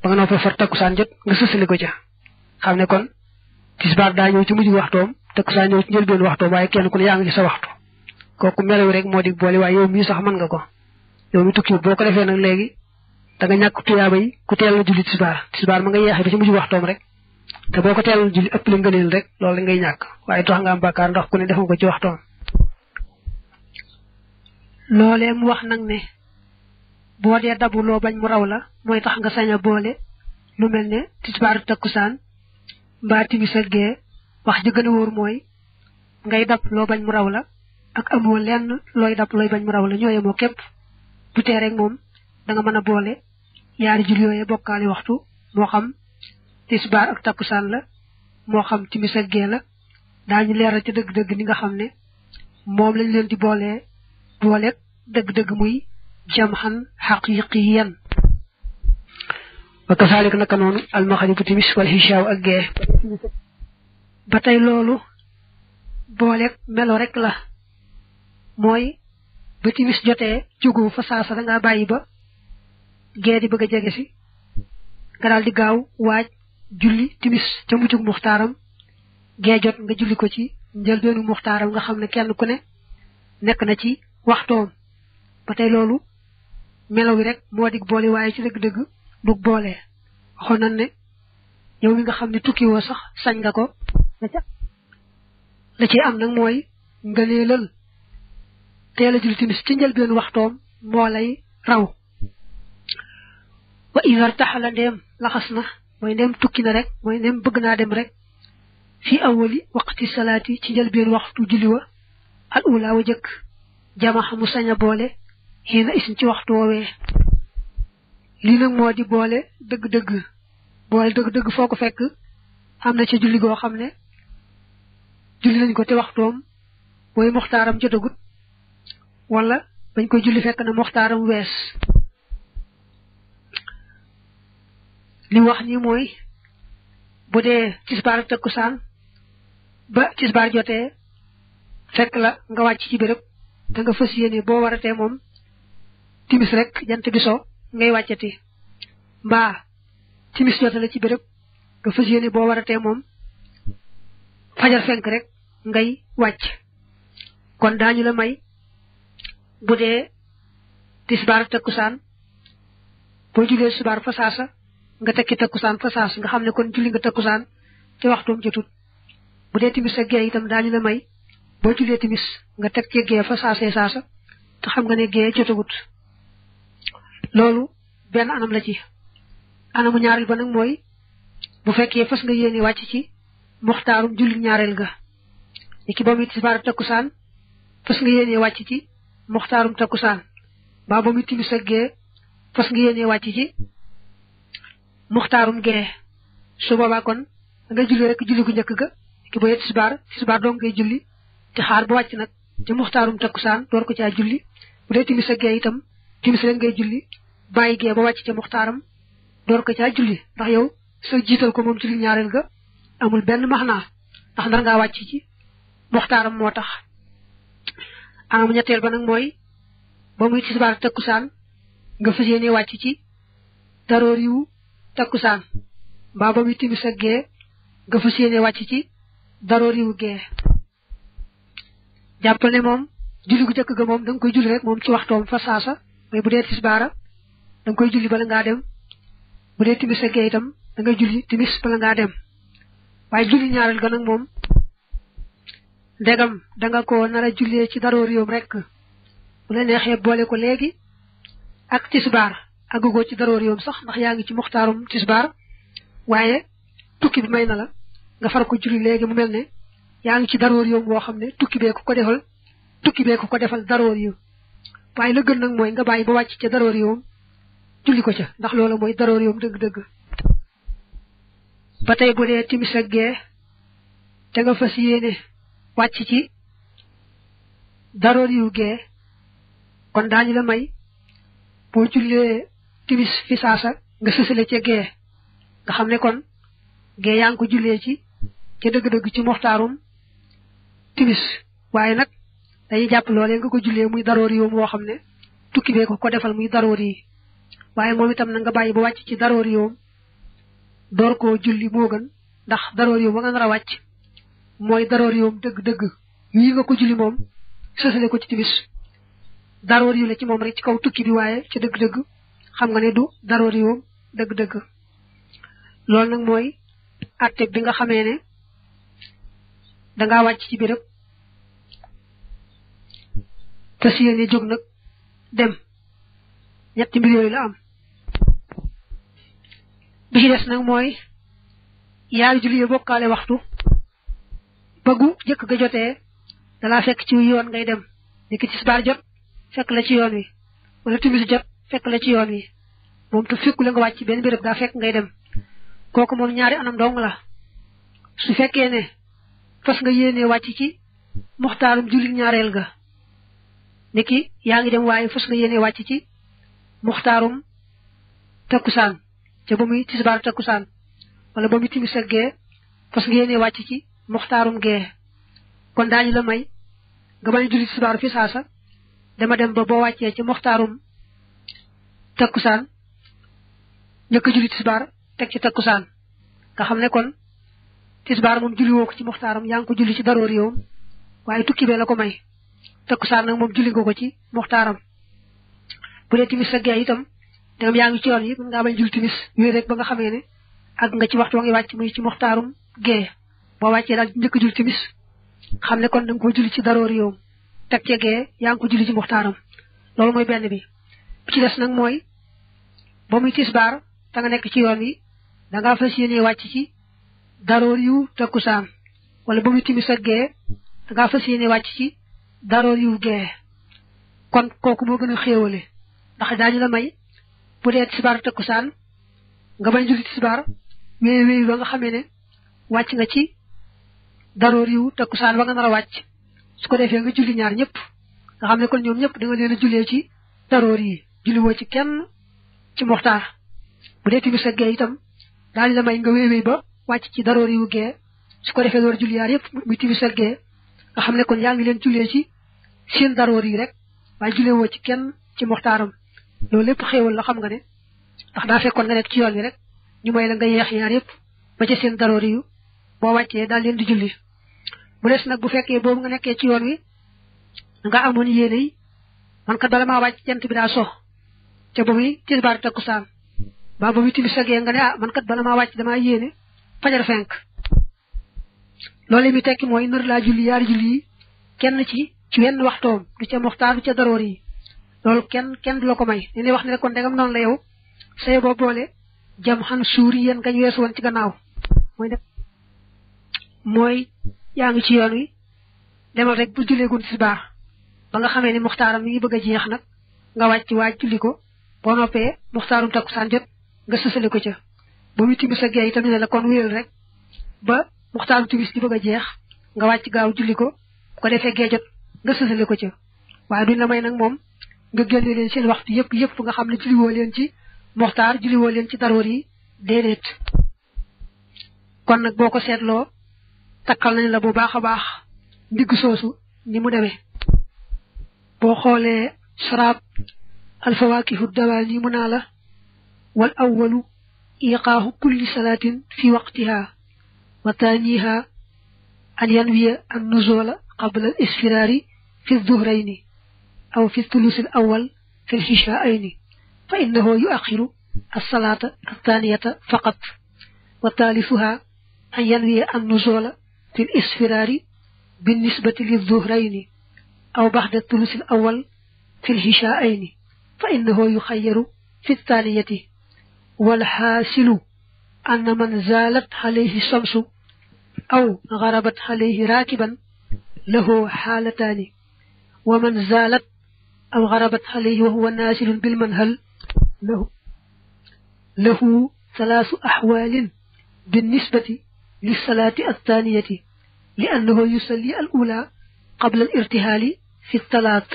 ba nga noo fa far takkusaan jot nga sësali ko ca xam ne kon tisbaar daa ñëw ci mujj waxtoom takkusaan ñëw ci njëlbeen waxtoom waaye kenn ku ne yaa ngi ci sa waxtu kooku melaw rek moo di boole waaye yow mii sax man nga ko yow mi tukki boo ko defee nag léegi da nga ñàkk tuyaaba yi ku teel na julli tisbaar tisbaar ma nga yeexee ba ci mujj waxtoom rek te boo ko teeloon julli ëpp la ngëneel rek loolu la ngay ñàkk waaye tax nga am bàkkaar ndax ku ne defoon ko ci waxtoom loolee mu wax nag ne boo dee bañ mu raw la mooy tax nga sañ boole lu mel ne tisbaaru takkusaan mbaa timis gee wax ji gën wóor mooy ngay dab loo bañ mu raw la ak amoo lenn looy dab looy bañ mu raw la ñoo yemoo képp bu moom da nga mën a boole yaari jul yooyee bokkaale waxtu moo xam tisbaar ak takkusaan la moo xam timis ak gee la daañu leeral ci dëgg-dëgg ni nga xam ne moom lañ leen di boolee booleeg dëgg-dëgg muy jam xan xaqiqiyan wa kasaalik naka noonu almaxaribu timis wal xishaaw ak gee ba tey loolu boole melo rek la mooy ba timis jotee jógu fa saasa da bàyyi ba gee di bëgg a jege si nga daal di gaaw waaj julli timis ca mujjug muxtaaram gee jot nga julli ko ci njëlbeenu muxtaaram nga xam ne kenn ku ne nekk na ci waxtoom ba tey loolu melo wi rek moo dig boole waaye ci dëgg-dëgg du boole waxoon nañ ne mi nga xam ne tukki wo sax sañ nga ko la ci am nag mooy nga leelal teel a julli timis ci njëlbeen waxtoom moo lay raw wa idar taxala ndeem laxas na mooy ndeem tukki na rek mooy ndeem bëgg naa dem rek fi awali waqti salaati ci njëlbeen waxtu julli wa al ula wa jëkk jamaxa mu sañ a boole xëy na ci waxtu woowee lii nag moo di boole dëgg-dëgg boole dëgg-dëgg foo ko fekk am na ci julli goo xam ne julli nañ ko te waxtoom mooy moxtaaram jotagut wala bañ koy julli fekk na moxtaaram wees li wax ni mooy bu dee tisbaar takkusaan ba tisbaar jotee fekk la nga wàcc ci béréb da nga fas yéene boo waratee moom timis rek jant bi so ngay wàccati mbaa timis jotale ci béréb nga fas yéene boo waratee moom fajar fenk rek ngay wàcc kon daañu la may bu dee tisbaar takkusaan boo jullee subaar fa saasa nga tekki takkusaan fa saasa nga xam ne kon julli nga takkusaan te waxtoom jotut bu dee timis ak gee itam daañu la may boo jullee timis nga teg ci gee fa saasee saasa te xam nga ne gee jotagut loolu benn anam la ci anamu ñaareel ba nag mooy bu fekkee fas nga yéene wàcc ci muxtaarum julli ñaareel ga ni ki ba muy tisbaar takkusaan fas nga yéene wàcc ci muxtaarum takkusaan mbaa ba muy timis ak gee fas nga yéene wàcc ci muxtaarum gee su boobaa kon nga julli rek julli gu njëkk ga ki ba tisbaar tisbaar doo ngay julli te xaar ba wàcc nag te muxtaarum takkusaan door ko caa julli bu dee timis ak gee itam timis rek ngay julli bàyyi gee ba wàcc ca muxtaaram door ko caa julli ndax yow soo jiital ko moom julli ñaareel ga amul benn max naa ndax nar ngaa wàcc ci muxtaaram moo tax anam ñetteel ba nag mooy ba muy tisbaar takkusaan wàcc ci daroor yu takkusaan mbaa ba muy timis ak gee nga fas wàcc ci daroor yu gee jàppal ne moom julli gu jëkk ga moom da koy julli rek moom ci waxtoom fa saasa mooy bu dee tisbaara danga koy julli bala ngaa dem bu dee timis ak gee itam da julli timis bala ngaa dem waaye julli ñaareel ga nag moom ndegam danga ko nar a jullee ci daroor yoom rek bu la neexee boole ko léegi ak tisbaar àggugoo ci daroor yoom sax ndax yaa ngi ci muxtaarum tisbaar waaye tukki bi may na la nga far ko julli léegi mu mel ne yaa ngi ci daroor yoom boo xam ne tukki bee ko ko defal tukki bee ko ko defal daroor yoom waaye la gën nag mooy nga bàyyi ba wàcc ca daroor julli ko ca ndax loolu mooy daroor yoom dëgg-dëgg ba tey bu dee timis ak gee te nga fas yéene wàcc ci daroor yu gee kon daañu la may boo jullee timis fi saasa nga sësale ca gee nga xam ne kon gee yaa ngi ko jullee ci ca dëgg-dëgg ci moxtaarum timis waaye nag dañuy jàpp loolee nga ko jullee muy daroor yoom woo xam ne tukki bee ko ko defal muy daroor yi waaye moom itam na nga bàyyi ba wàcc ci daroor yoom door koo julli moo gën ndax daroor yoom ba nga nar a wàcc mooy daroor yoom dëgg-dëgg ñii nga ko julli moom sësale ko ci timis daroor yu la ci moom rek ci kaw bi waaye ci dëgg-dëgg ne du daroor yoom dëgg-dëgg loolu nag mooy atte bi nga xamee ne dangaa wàcc ci béréb te si yéene jóg nag dem ñetti mbir yooyu la am bi ci des nag mooy yaari julli yi bokkaale waxtu bëggu jëkk ga jotee dalaa fekk ci yoon ngay dem niki tisbaar jot fekk la ci yoon wi wala timis jot fekk la ci yoon wi moom te fekkule nga wàcc benn béréb daa fekk ngay dem kooku moom ñaari anam dong la su fekkee ne fas nga yéenee wàcc ci muxtaarum julli ñaareel ga niki yaa ngi dem waaye fas nga yéenee wàcc ci muxtaarum takkusaan ca ba muy tisbaar takkusaan wala ba muy timis ak gee fas ngeen wàcc ci muxtaarum gee kon daañu la may nga bañ julli tisbaar fi saasa dama dem ba boo wàccee ci muxtaarum takkusaan njëkk julli tisbaar teg ci takkusaan nga xam ne kon tisbaar moom julli woo ko ci muxtaaram yaa ngi ko julli ci daroor yowum waaye tukki bee la ko may takkusaan nag moom julli nga ko ci muxtaaram bu dee timis ak gee itam dem yaa ngi ci yoon yi mën ngaa bañ jul timis yooyu rek ba nga xamee ne ak nga ci waxtu wa ngi wàcc muy ci muxtaarum gée boo wàccee daal njëkk jul timis xam ne kon da nga ko julli ci daroor yow teg ca gée yaa ngi ko julli loolu mooy benn bi bi ci des nag mooy ba muy tisbaar te nga nekk ci yoon yi da ngaa fas yéenee wàcc ci daroor yu takkusaan wala ba muy timis ak gée da ngaa fas yéenee wàcc ci daroor yu gée kon kooku moo gën a xéewale ndax daañu la may bu dee tisbaar takkusaan nga bañ julli tisbaar wéy wéy ba nga xamee ne wàcc nga ci daroor yu takkusaan ba nga nar a wàcc su ko defee nga julli ñaar ñëpp nga xam ne kon ñoom ñëpp da nga leen a jullee ci daroor yi julli woo ci kenn ci moxtaar bu dee timis ak gee itam daal la may nga wéy wéy ba wàcc ci daroor yu gee su ko defee door julli ñaar yëpp muy timis ak gee nga xam ne kon yaa ngi leen jullee ci seen daroor yi rek waaye jullee woo ci kenn ci moxtaaram loolu lépp xéewal la xam nga ne ndax daa fekkoon nga nekk ci yoon wi rek ñu may la nga yeex ñaar yëpp ba ci seen daroori yu boo wàccee daal leen di julli bu des nag bu fekkee boobu nga nekkee ci yoon wi nga amoon yéene yi man kat bala maa wàcc jant bi daa so te ba muy tisbaar takkusaan ba ba muy timis sagee nga ne ah man kat wàcc damaa yéene fajar fenk loolu mi tekki mooy nar laa julli yaari julli yi kenn ci ci wenn waxtoom du ca moxtaar du ca daroor yi loolu kenn kenn du la ko may li ñuy wax ne kon ndegam noonu la yow say boo boole jam xan suur yi yéen nga ñu weesu woon ci gannaaw mooy def mooy yaa ngi ci yoon wi demal rek bu julleegun si baax ba nga xamee ni muxtaaram mi ngi bëgg a jeex nag nga wàcc waaj julli ko boo noppee muxtaarum takkusaan jot nga sësale ko ca ba muy sa ak gee itam ñu ne la kon wéyal rek ba muxtaarum timis di bëgg a jeex nga wàcc gaaw julli ko bu ko defee gee jot nga sësale ko ca waaye duñ la may nag moom nga génne leen seen waxtu yëpp yëpp nga xam ne julliwoo leen ci moxtaar julliwoo leen ci daroor yi déedéet kon nag boo ko seetloo takkal nañ la bu baax a baax ndigg soosu ni mu deme boo xoolee saraab alfawakihu dawaa ni mu naa la wal awwalu iqaahu kulli salaatin fi waqtihaa wa taaniha an yanwiya an nuzola qabla la isfiraari fi duhrayni aw fi thulusil awal fi lxichaayni fa innahu yuaxiru alsalaata altaniyata faqat wa taalisuha an yanwiya an nuzola fi lisfiraari binnisbati lizuhrayni aw baxda thulusil awal fi lxichaayni fa innahu yuxayaru fi ltaniyati walxaasilu anna man zaalat alayhi samsu aw garabat alayhi raakiban lahu xaalataani wa man zaalat aw xarabat alayhi wa huwa naasilun bil manhal lahu lahu salaasu axwaalin binnisbati li salaati attaaniyati li annahu yusalli al ula qabla al irtihaali fi talaat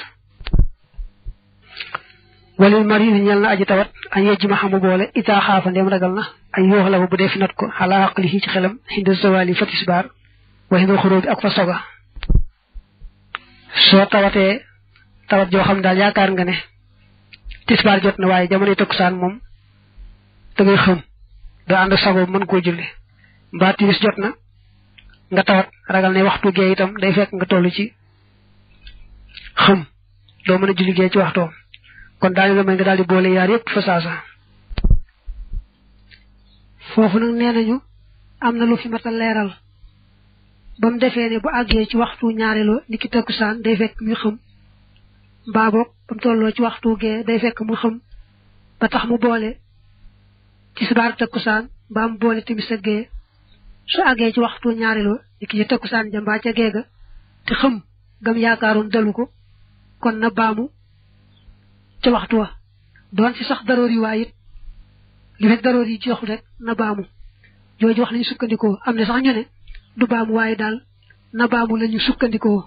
walil marid ñel na aji tawat an yejji ma xamu boole itaa xaafa ndem ragal na an yoox la bu def nat ko xalaa aqlihi ci xelam hinda zawaali fatisbaar wa hinda xuróobi ak fa soga soo tawatee tawat joo xam daal yaakaar nga ne tisbaar jot na waaye jamono takkusaan moom da ngay xëm doo ànd sago mën koo julli mbaa timis jot na nga tawat ragal ne waxtu gee itam day fekk nga toll ci xëm doo mën a julli gee ci waxtoom kon daañu la may nga daal di nañu am na lu fi mat a leeral ba defee ne bu àggee ci waxtu ñaareelu niki takkusaan day fekk muy xëm mbaa boog ba mu tolloo ci waxtu gee day fekk mu xam ba tax mu boole tisbaar takkusaan mbaa mu boole timis ak gee su àggee ci waxtu ñaareel wa li ki ci takkusaan ja mbaa ca gee ga te xam gam yaakaaroon dalu ko kon na baamu ca waxtu wa doon ci sax daroor yi waaye it li fekk daroor yi rek na baamu jooju wax lañu sukkandikoo am na sax ñu ne du baamu waaye daal na baamu lañu sukkandikoo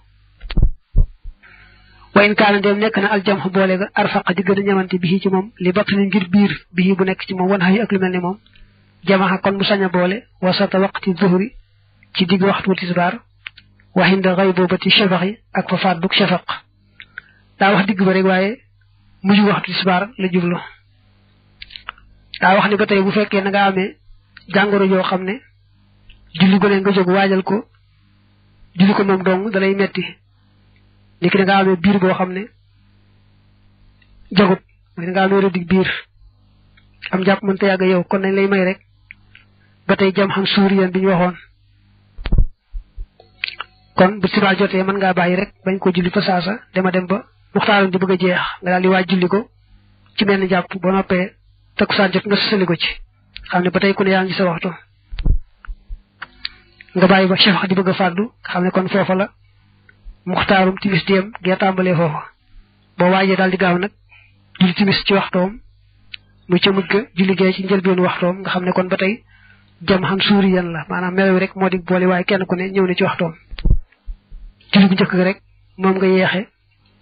wa in kaana dem nekk na aljamx boole ga arfaq di gën a ñamante bi ci moom li batt ni ngir biir bi bu nekk ci moom wan xayu ak lu mel ni moom jamaxa kon mu sañ a boole wasata waqti zuhri ci digg waxtu tisbaar waxinda xay boobati shafaq yi ak fa faat bug shafaq daa wax digg ba rek waaye la jublu daa wax ni ba tey bu fekkee na nga amee jàngoro joo xam ne julli gone nga jóg waajal ko julli ko moom dong dalay metti niki da nga amee biir boo xam ne jagut mooy da nga amee rëdd biir am jàpp mënta yàgg yow kon nañ lay may rek ba tey jam xam suuriyeen bi waxoon kon bu subaa jotee mën ngaa bàyyi rek bañ ko julli fa saasa dema dem ba muxtaaram di bëgg a jeex nga daal di waaj julli ko ci benn jàpp boo noppee takkusaan jot nga sësali ko ci xam ne ba tey ku ne yaa ngi sa waxtu nga bàyyi ba chefax di bëgg a fàddu xam ne kon foofa la muxtaarum timis diem gee tàmbalee foofa boo waajee dal di gaaw nag julli timis ci waxtoom mu ca mujj julli gee ci njëlbeenu waxtoom nga xam ne kon ba tey jam xam suuri yan la maanaam melaw rek moo di boole waaye kenn ku ne ñëw na ci waxtoom julli bu njëkk rek moom nga yeexe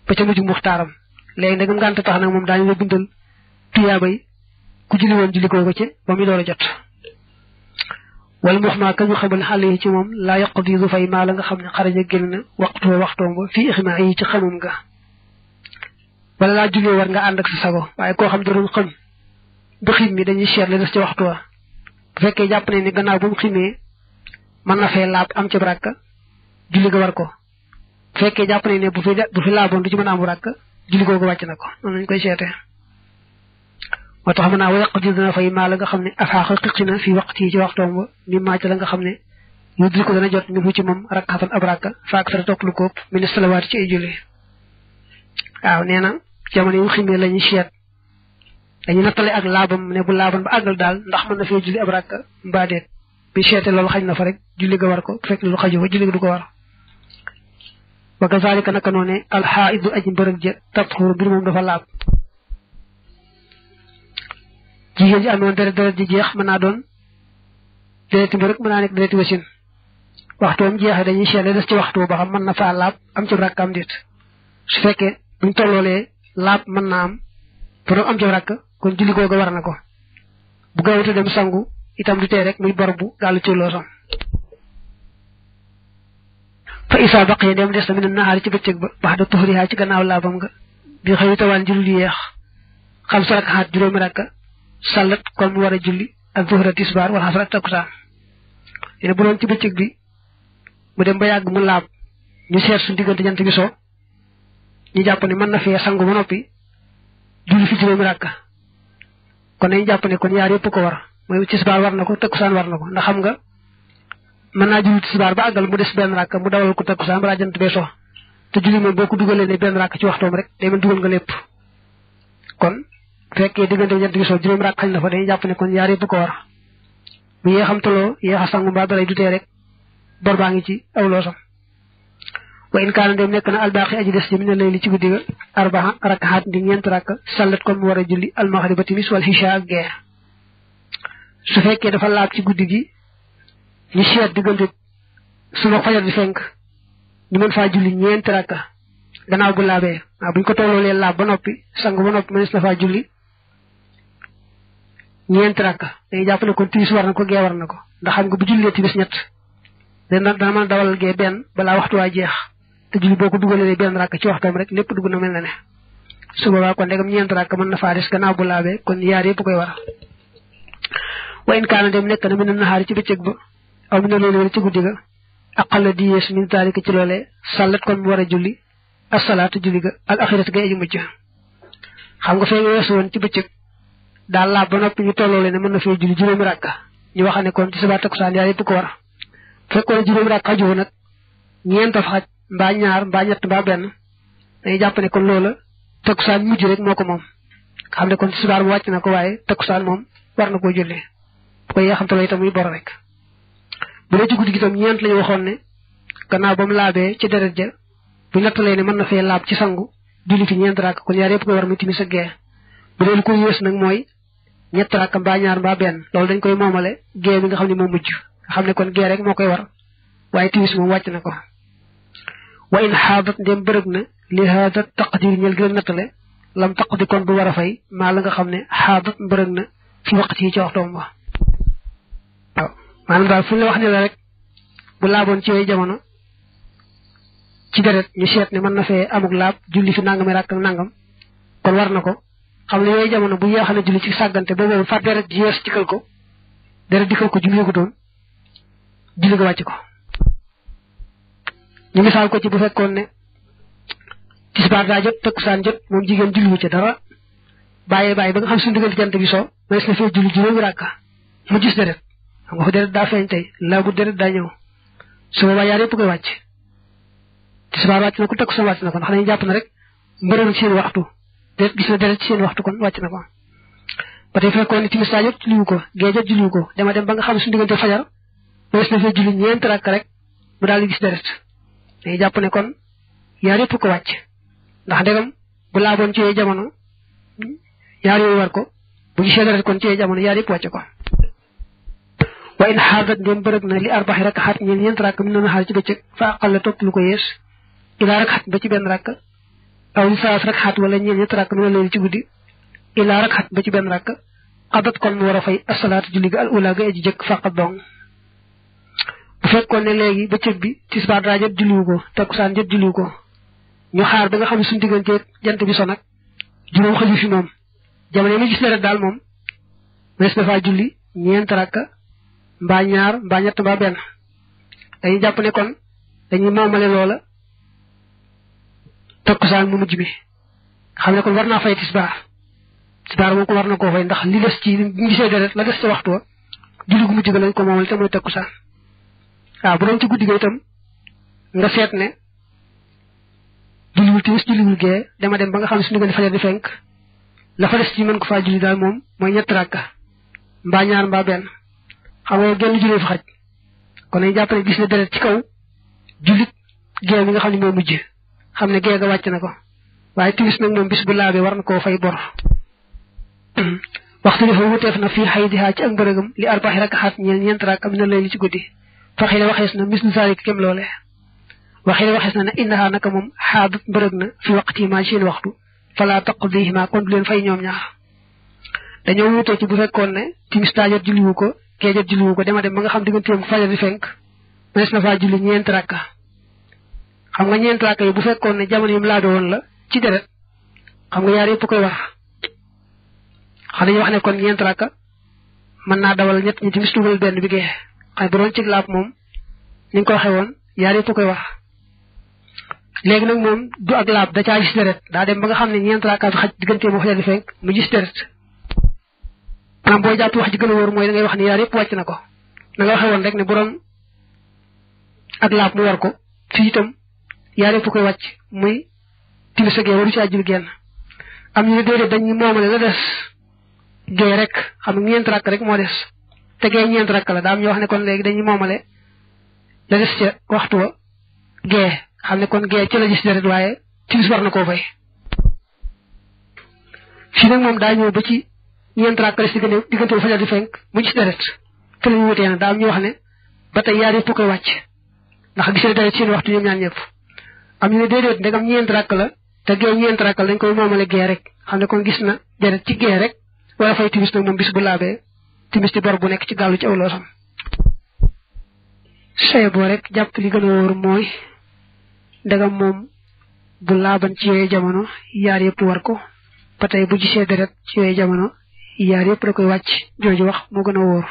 ba ca mujj muxtaaram léegi nag ngànt tax nag moom daañu la bindal tuyaabay ku julli woon julli koo ci ba mu door a jot wala mos maa kañu xamal xale yi ci moom laa yaqut yi du fay maa nga xam ne xaraja génn na waxtu waxtoom ba fii ixnaa yi ci xamum nga wala laa jugee war nga ànd ak sa sago waaye koo xam da doon xam ba xim mi dañuy seet li des ci waxtu wa bu fekkee jàpp ne ni gannaaw ba mu ximee mën na fee laab am ci rakk julli ga war ko bu fekkee jàpp ne ne bu fi bu fi laaboon du ci mën a am rakk julli googu wàcc na ko noonu lañ koy seetee moo tax mën naa wa yàq di dana fay maa nga xam ne afaaxa xiqi na fii waqt yi ci waxtoom ba la nga xam ne yu dul ko dana jot mi fu ci moom rakkaatan ab rakka faak sara topp lu kóob mi ne salawaat ci ay julli waaw nee na jamono yu ximee la ñuy seet dañu nattale ak laabam ne bu laaban ba àggal daal ndax mën na fee julli ab rakka mbaa déet bi seete loolu xaj na fa rek julli ga war ko fekk lu xaju fa julli ga du ko war wa kazalika naka noone alxaaidu aji mbërëg ja tatxur mbir moom jigéen ji amoon deret deret ji jeex mën naa doon dereti mbërëg mën naa nekk dereti wasin waxtoom jeexe dañuy seele des ci waxtu ba xam mën na faa laab am ci rakk am dit su fekkee buñ tolloolee laab mën naa am bu doon am ci rakk kon julli googu war na ko bu gaawute dem sangu itam du tee rek muy bor bu gàllu ci loosam fa isa baqee dem des na mi ne naxaari ci bëccëg ba bax da tuxrihaa ci gannaaw laabam nga bi xëy tawaan ji lu yeex xam sa rakk xaat juróomi sàllat kon mu war a julli ak zuhra tisbaar wala xasra takkusaan ne bu doon ci bi mu dem ba yàgg mu laab ñu seet su diggante jant bi so ñu jàpp ne mën na fee sangu ba noppi julli fi juróomi ràkka kon nañu jàpp ne kon ñaar yëpp ko war mooy tisbaar war na ko takkusaan war na ko xam nga mën naa julli tisbaar ba àggal mu des benn ràkka mu dawal ko takkusaan balaa jant bee so te julli moom boo ko dugalee ne benn ràkk ci waxtoom rek day mel dugal nga lépp kon fekkee diggante ñett gi soo juróom raak xañ na fa day jàpp ne kon yaar yëpp ko war bu yeexamtaloo yeexa sangu mbaa dalay dutee rek bor ngi ci aw loosam wa in kaana dem nekk na albaaxi aji des ji lay li ci guddi ga arbaxa rakkaxaat di ñeent rakk sàllat a julli almaxriba timis wala xisha ak gee su fekkee dafa laab ci guddi gi ñu seet diggante suba fajar di fenk ñu mën faa julli ñeent rakk gannaaw bu laabee waaw bu ñu ko tolloolee laab ba noppi sang ba noppi mënees na faa julli ñeenti rakka day jàpp ne kon timis war na ko gee war na ko ndax xam nga bu jullee timis ñett day naan dana mën a dawal gee benn balaa waxtu waa jeex te julli boo ko dugalee benn ci waxtam rek lépp dugg na mel na ne su boobaa kon ndegam ñeenti rakka mën na faa des gannaaw bu kon yaar yëpp koy wa in kaana dem nekk na mi ne ci bëccëg ba aw mi ne loolu wala ci guddi ga aqalla di yees min taalika ci loolee sàllat kon mu war a julli asalaatu ga al axirat gay xam nga feeñ weesu woon ci bëccëg daal laab ba noppi ñu tolloole ne mën na fee julli juróomi ñu wax ne kon ci suba takkusaan yaa yëpp ko war fekkoon juróomi rakka xajuwu nag ñeent fa xaj mbaa ñaar mbaa ñett mbaa benn dañuy jàpp ne kon loola takkusaan mujj rek moo ko moom xam ne kon ci subaar bu wàcc na ko waaye takkusaan moom war na koo julli bu ko yee xam te loo itam muy rek bu dee ci guddi gi itam ñeent lañu waxoon ne gannaaw mu laabee ci deret ja bu nattalee ne mën na fee laab ci sangu julli fi ñeent rakk kon ko war muy timis ak gee bu dee lu ko yées nag mooy ñett rakk mbaa ñaar mbaa benn loolu dañ koy moomale gée bi nga xam ne moo mujj nga xam ne kon gée rek moo koy war waaye timis moom wàcc na ko wa in xaadat ndem bërëg na li haada taqdir ñel gën a nattale lam taqdi bu war a fay la nga xam ne xaadat mbërëg na fi waqt yi ci waxtoom wa waaw maanaam wax ne la bu laaboon ci yooyu jamono ci deret ñu seet ne mën na fee amuk laab julli fi nangami ràkk nangam kon war na ko xam ne yooyu jamono bu yeexalee julli ci sàggante ba moom far deret ji yees dikkal ko deret dikkal ko ju julli nga wàcc ko ñu misaal ko ci bu fekkoon ne tisbaar daa jot takkusaan jot moom jigéen julliwu ci dara bàyyee bàyyi ba nga xam suñu diggante jant bi so mais la fee julli juróomi ràkka mu gis deret xam nga fa deret daa feeñ tey laagu deret daa ñëw su boobaa yaar yëpp koy wàcc tisbaar wàcc na ko takkusaan wàcc na ko ndax jàpp ne rek mbërëm déet gis na deret ci seen waxtu kon wàcc na ko ba tey ni timis saajot julliwu ko ko dama dem ba nga xam ne suñu diggante fajar bés na fee julli ñeent rakk rek mu daal gis deret dañuy jàpp ne kon yaar yëpp ko wàcc ndax ndegam bu laaboon ci yooyu jamono yaar yooyu war bu gisee deret kon ci yooyu jamono yaar yëpp wàcc ko wa in xaadat ndoom bërëg na li arbaxi rakk xaat ñeen ñeent rakk mi noonu xaar ci bëccëg fa aqal la topp lu ko yées ilaa rek xat ba ci benn rakk aw li salaas rakxaat wala ñeent ñett rakk mina leen ci guddi ilaa rakxaat ba ci benn rakk xadat kon mu war a fay asalaatu julli ga al ula ga aji jëkk fàqa dong bu fekkoon ne léegi bëccëg bi ci daa jot julliwu ko takkusaan jot julliwu ko ñu xaar ba nga xam ne suñu digganteeg jant bi so nag juróom xëju fi moom jamono mi gis ne rek daal moom mes dafaa julli ñeent rakk mbaa ñaar mbaa ñett mbaa benn dañuy jàpp ne kon dañuy moomale loola takkusaan mu mujj bi xam ne kon war naa fay tisbaar tisbaar moom ko war na koo fay ndax li des ci ñu gisee des ca waxtu wa julli gu mujj ga lañ ko moomal te mooy takkusaan waaw ah, bu doon ci guddi ga itam nga seet ne julliwul timis ba nga xam ne suñu gën ko faa julli daal moom mooy ñett nga genn jullee jullit gee mi nga xam ne mooy mujj xam ne géega wàcc na ko waaye timis nag bi fa na fii xay dihaa ci ak mbërëgam na lay li ci guddi faxi la waxees na mis zaalik kem loole waxi la waxees na moom xaadat mbërëg na fi waqti maa ci seen waxtu fala taqdihimaa kon du leen fay ñoom julliwu ko gee julliwu ko dema dem ba nga xam digganteem fajar di fenk mënees na faa julli ñeent rakka xam nga ñeen rakk yi bu fekkoon ne jamono yi mu laado woon la ci deret xam nga ñaar yëpp koy war xam dañuy wax ne kon ñeenti rakk naa dawal ñett ñi timis dugal benn bi geexe xay bu ci laab moom ni ko waxee woon ñaar yëpp koy war léegi nag moom du ak laab da caa gis deret daa dem ba nga xam ne ñeenti rakka bi xaj diggante mu xajal di fenk mu gis deret booy jàpp wax ji gën a wóor mooy da ngay wax ne ñaar yëpp wàcc na ko da nga waxee woon rek ne borom ak laab mu yaa rekk wacc wàcc muy timis ak gee waru ci àjjul genn am ñu ne déedéet dañ ñu moomale la des gee rek xam rakk rek moo des te gee ñeent rakk la daa ne kon léegi dañuy moomale la waxtu wa gee xam ne kon gee ci la gis deret waaye timis war na koo fay fii nag moom daa ñëw ba ci ñeent rakk la si diggante diggante fajar di fenk mu gis deret te la ñu wutee nag daa am ñu wax ne ba tey yaa rekk koy wàcc ndax gis na deret seen waxtu ñoom ñaan ñëpp am ñu ne déedéet ndegam ñeent rakk la te gee ñeent rakk la dañ koy moomale gee rek xam ne kon gis na deret ci gee rek wala fay timis nag moom bis bu laabee timis ci bor bu nekk ci gàllu ci aw loosam say boo rek jàpp li gën a wóor mooy ndegam moom bu laaban ci yooyu jamono yaar yëpp war ko ba tey bu gisee deret ci yooyu jamono yaar yëpp da koy wàcc jooju wax moo gën a wóor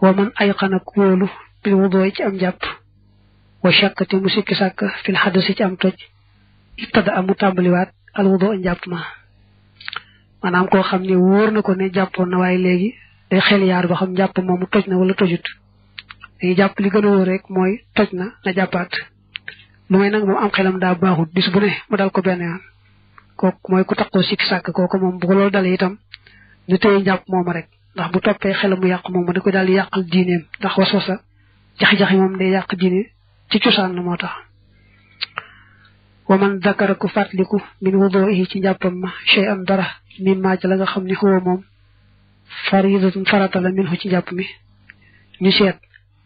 wa man ay xanak wóolu bil wudoo ci am jàpp wa shakkati mu sikki sàkk fil xaddasi ci am toj ibtada amu tàmbaliwaat alwudo njàpp ma maanaam koo xam ne wóor na ko ne jàppoon na waaye léegi day xel yaar ba xam njàpp moomu toj na wala jàpp li gën a wóor toj na na jàppaat lu may nag moom am xelam daa baaxut bis bu ne mu dal ko benn yoon mooy ku taqoo siki sàkk kooku moom bu ko loolu dalee itam na téye njàpp rek ndax bu toppee xelam mu yàq moomu da ko daal di yàqal diineem ndax waswasa jax-jaxi moom day yàq diine ci cosaan na moo tax wa man dakara ku ci njàppam ma chey an dara min maa ci la nga xam ne xëwa moom faridatun farata la min ci njàpp mi ñu seet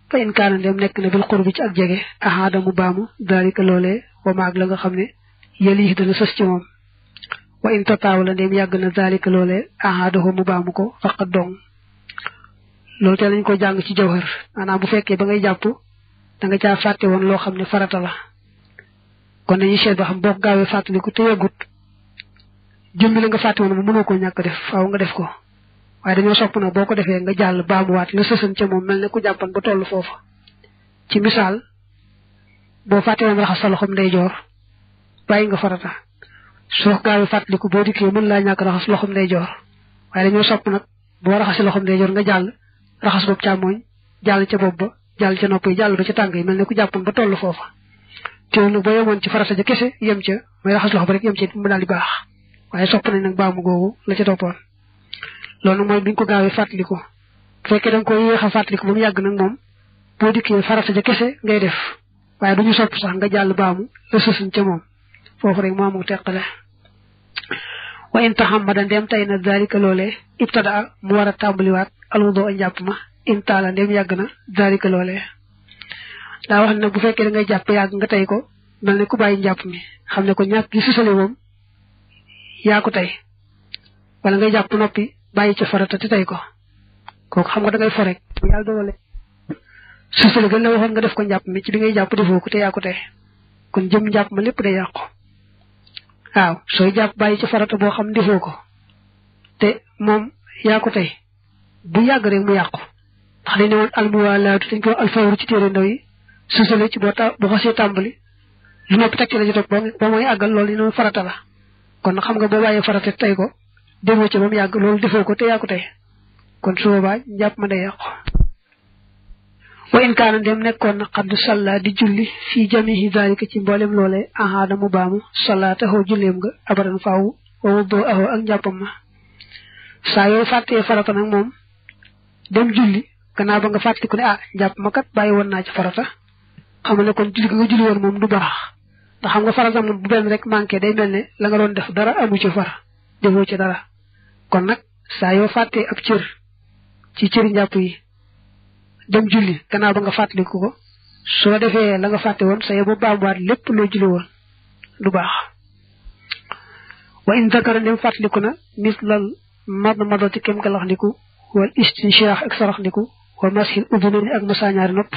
fa in kaana ndem nekk na bil qurbi ci ak jege ahaada mu baamu daalika loolee wa maag la nga xam ne yëlii dana sës ci moom wa in tataaw la ndem yàgg na daalika loolee ahaada mu baamu ko faqat dong loolu te lañ ko jàng ci jawhar maanaam bu fekkee ba ngay jàpp da nga caa fàtte woon loo xam ne farata la kon dañuy seet ba xam boo ko gaawee fàttaliku te yeggut jëmbi la nga fàtte woon bu mënoo koo ñàkk def faaw nga def ko waaye dañoo sopp na ko defee nga jàll baamuwaat la sësan ca moom mel ne ku jàppan ba toll foofa ci misaal boo fàtte woon raxas sa loxoom ndeyjoor bàyyi nga farata soo gaawee fàttaliku boo dikkee laa ñàkk raxas loxoom ndeyjoor waaye dañoo sopp nag boo raxasi loxoom ndeyjoor nga jàll raxas bopp càmmooñ jàll ca bopp ba jàll ca nopp yi jàll ba ca tànk yi mel ne ku jàppoon ba toll foofa teewul nag boo yemoon ci farata ja kese yem ca may raxas loxo ba rek yem ca mu daal di baax waaye sopp nañ nag baamu googu la ca toppoon loolu mooy buñ ko gaawee fàttaliku fekkee da nga ko yéex a fàttaliku ba mu yàgg nag moom boo dikkee farata ja kese ngay def waaye du ñu sopp sax nga jàll baamu la sësuñ ca moom foofu rek moo mu teqale wa in taxammadan dem tay na dalika loolee ibtada mu war a a intaala ndem yàgg na daalika loolee daa wax ne bu fekkee da ngay jàpp yàgg nga tey ko mel ne ku bàyyi jàpp mi xam ne ko ñàkk gi susale moom yaa ko tey wala ngay jàpp noppi bàyyi ci farata te tey ko kooku xam nga da ngay fo rek yàlla dogale susale gën la waxoon nga def ko jàpp mi ci bi ngay jàpp defoo ko te yaa ko tey kon jëm ma lépp day yàqu waaw sooy jàpp bàyyi ci farata boo xam defoo ko te moom yaa ko tey bu yàgg rek mu yàqu ndax dañ ne woon almuwaalaatu dañ ko alfawru ci téere ndaw yi xam nga boo bàyyee farata tey ko demoo ca ba mu yàgg loolu defoo ko te tey kon su boobaa njàpp ma day yàqu wa nekkoon na xaddu salla di julli fii jamihi daalika ci mboolem mu baamu salaataxoo julleem nga dem julli gannaaw ba nga fàttaliku ne ah jàpp ma kat bàyyi woon naa ci farata xam ne kon julli nga julli woon moom du baax ndax xam nga farata moom bu benn rek manqué day mel ne la nga doon def dara amu ci fara defoo ci dara kon nag saa yoo fàttee ab ci cëri njàpp yi dem julli gannaaw ba nga fàttaliku soo defee la nga woon sa yóbbu baamuwaat lépp loo julli woon du baax wa in dakara ndem na mislal mad madati ak sarax ndiku wa masxin ubbi na ni ak masaañaari nopp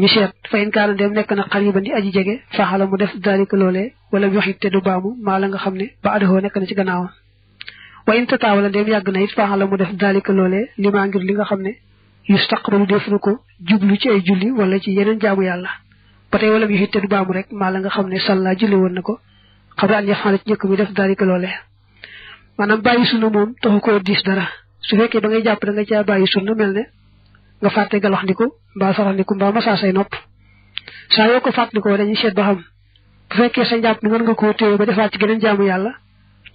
ñu seet fayin kaana dem nekk na xariban di aji jege faxala mu def daalika loolee wala yoxit te du baamu maa la nga xam ne ba adahoo nekk na ci gannaawam wa in tataawala dem yàgg na it faxala mu def daalika loolee li maa ngir li nga xam ne yustaqbalu def na ko jublu ci ay julli wala ci yeneen jaamu yàlla ba tey wala yoxit du baamu rek maa la nga xam ne sàllaa julli woon na ko xam ne an yaxaala ci def daalika loolee maanaam dara su fekkee ba ngay jàpp da nga caa bàyyi sunna mel ne nga fàtte galaxndiku mbaa saraxndiku mbaa masaa say nopp saa yoo ko fàttalikoo dañuy seet ba xam bu fekkee sa njàpp mën nga koo téye ba defaat ci geneen jaamu yàlla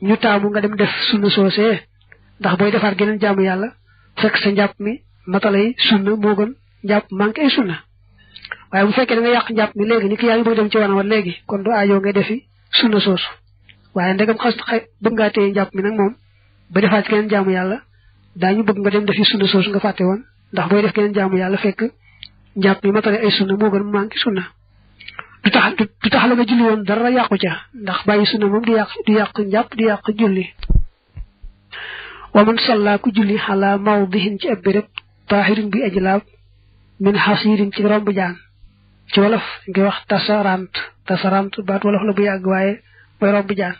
ñu taamu nga dem def sunna soosee ndax booy defaat geneen jaamu yàlla fekk sa njàpp mi matalay sunna moo gën njàpp manqué ay sunna waaye bu fekkee da nga yàq njàpp mi léegi ni ki yaa ngi bëgg dem ci wana wat léegi kon du aajoo ngay defi sunna soosu waaye ndegam xas bëgg ngaa téye njàpp mi nag moom ba defaat ci geneen jaamu yàlla daañu bëgg nga dem defi sunna soosu nga fàtte woon ndax booy def keneen jaamu yàlla fekk njàpp mi matale ay sunna moo gën mu manqué sunna du tax du la nga julli woon dara yàqu ca ndax bàyyi sunna moom di yàq di yàq njàpp di yàq julli wa man ku ku julli xalaa mawdihin ci ab béréb taahirin bi ajlaab min xasirin ci romb jaan ci wolof ngi wax tasarant tasarant baat wolof la bu yàgg waaye mooy romb jaan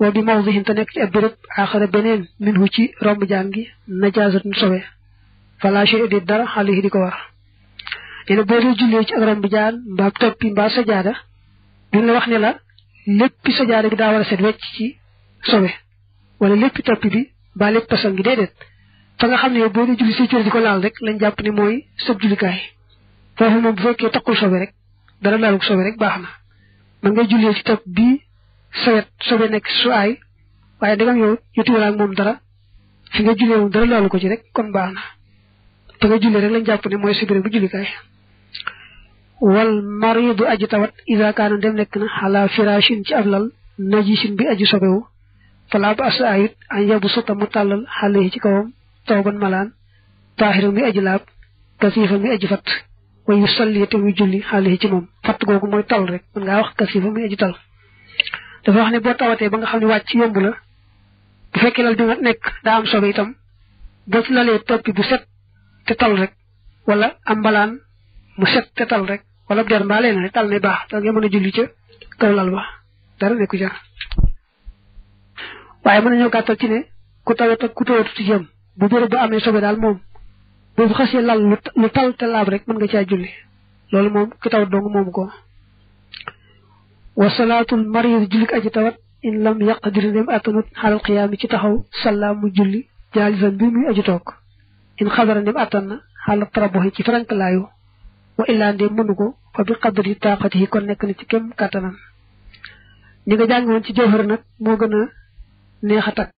wa bi mawdihin te nekk ci ab béréb axara beneen minhu ci romb jaan gi najaasatun sobe fala shay di ko war nee na boo dee jullee ci ak romb wax la léppi sajaada bi daa war a set wecc ci sobe wala léppi toppi bi baa lépp pasam gi déedéet fa nga xam ne yow boo dee julli say cër di ko laal rek lañ jàpp ne mooy sëb jullikaay foofu moom bu fekkee takkul sobe rek dara laalug sobe rek baax na man ngay jullee ci topp bii sawet sobe nekk su aay waaye dagam yow yuti wala moom dara fi nga jullee moom dara laalu ko ci rek kon baax na te nga jullee rek lañ jàpp ne mooy sibiré bu jullikaay wal maridu aji tawat ida kaana dem nekk na ala firashin ci ab lal najisin bi aji sobewu falaa ba asa ayit an yabu sota mu tàllal xale ci kawam tawban malaan taaxiru mi aji laab kasifa mi aji fat wa yusalli te muy julli xale ci moom fat googu mooy tal rek mën ngaa wax kasifa mi dafa wax ne boo tawatee ba nga xam ne wàcc yomb la bu fekkee lal bi nga nekk daa sobe itam boo ci lalee toppi bu set te rek wala am mbalaan mu set te rek wala der mbaa leen ne tal ne mën a julli ca kaw lal ba dara nekku ca waaye mën nañoo gàttal ci ne ku tawat ak ku tawatu ci jëm bu bërëb ba amee sobe daal moom boobu xasee lal lu tal te rek mën nga caa julli loolu moom ki tawat dong moomu ko wa salaatul mariid jullik aji tawat in lam yaqdir ndem attanut xalal xiyaam ci taxaw salla mu julli jaalisan bi muy aji toog in xadara ndem attan na xalal taraboxi ci farankalaayu wa illaa ndem mënu ko fa bi qadri taaqatihi kon nekk na ci kem kàttanam ni nga jàng ci jawhar nag moo gën a neex a takk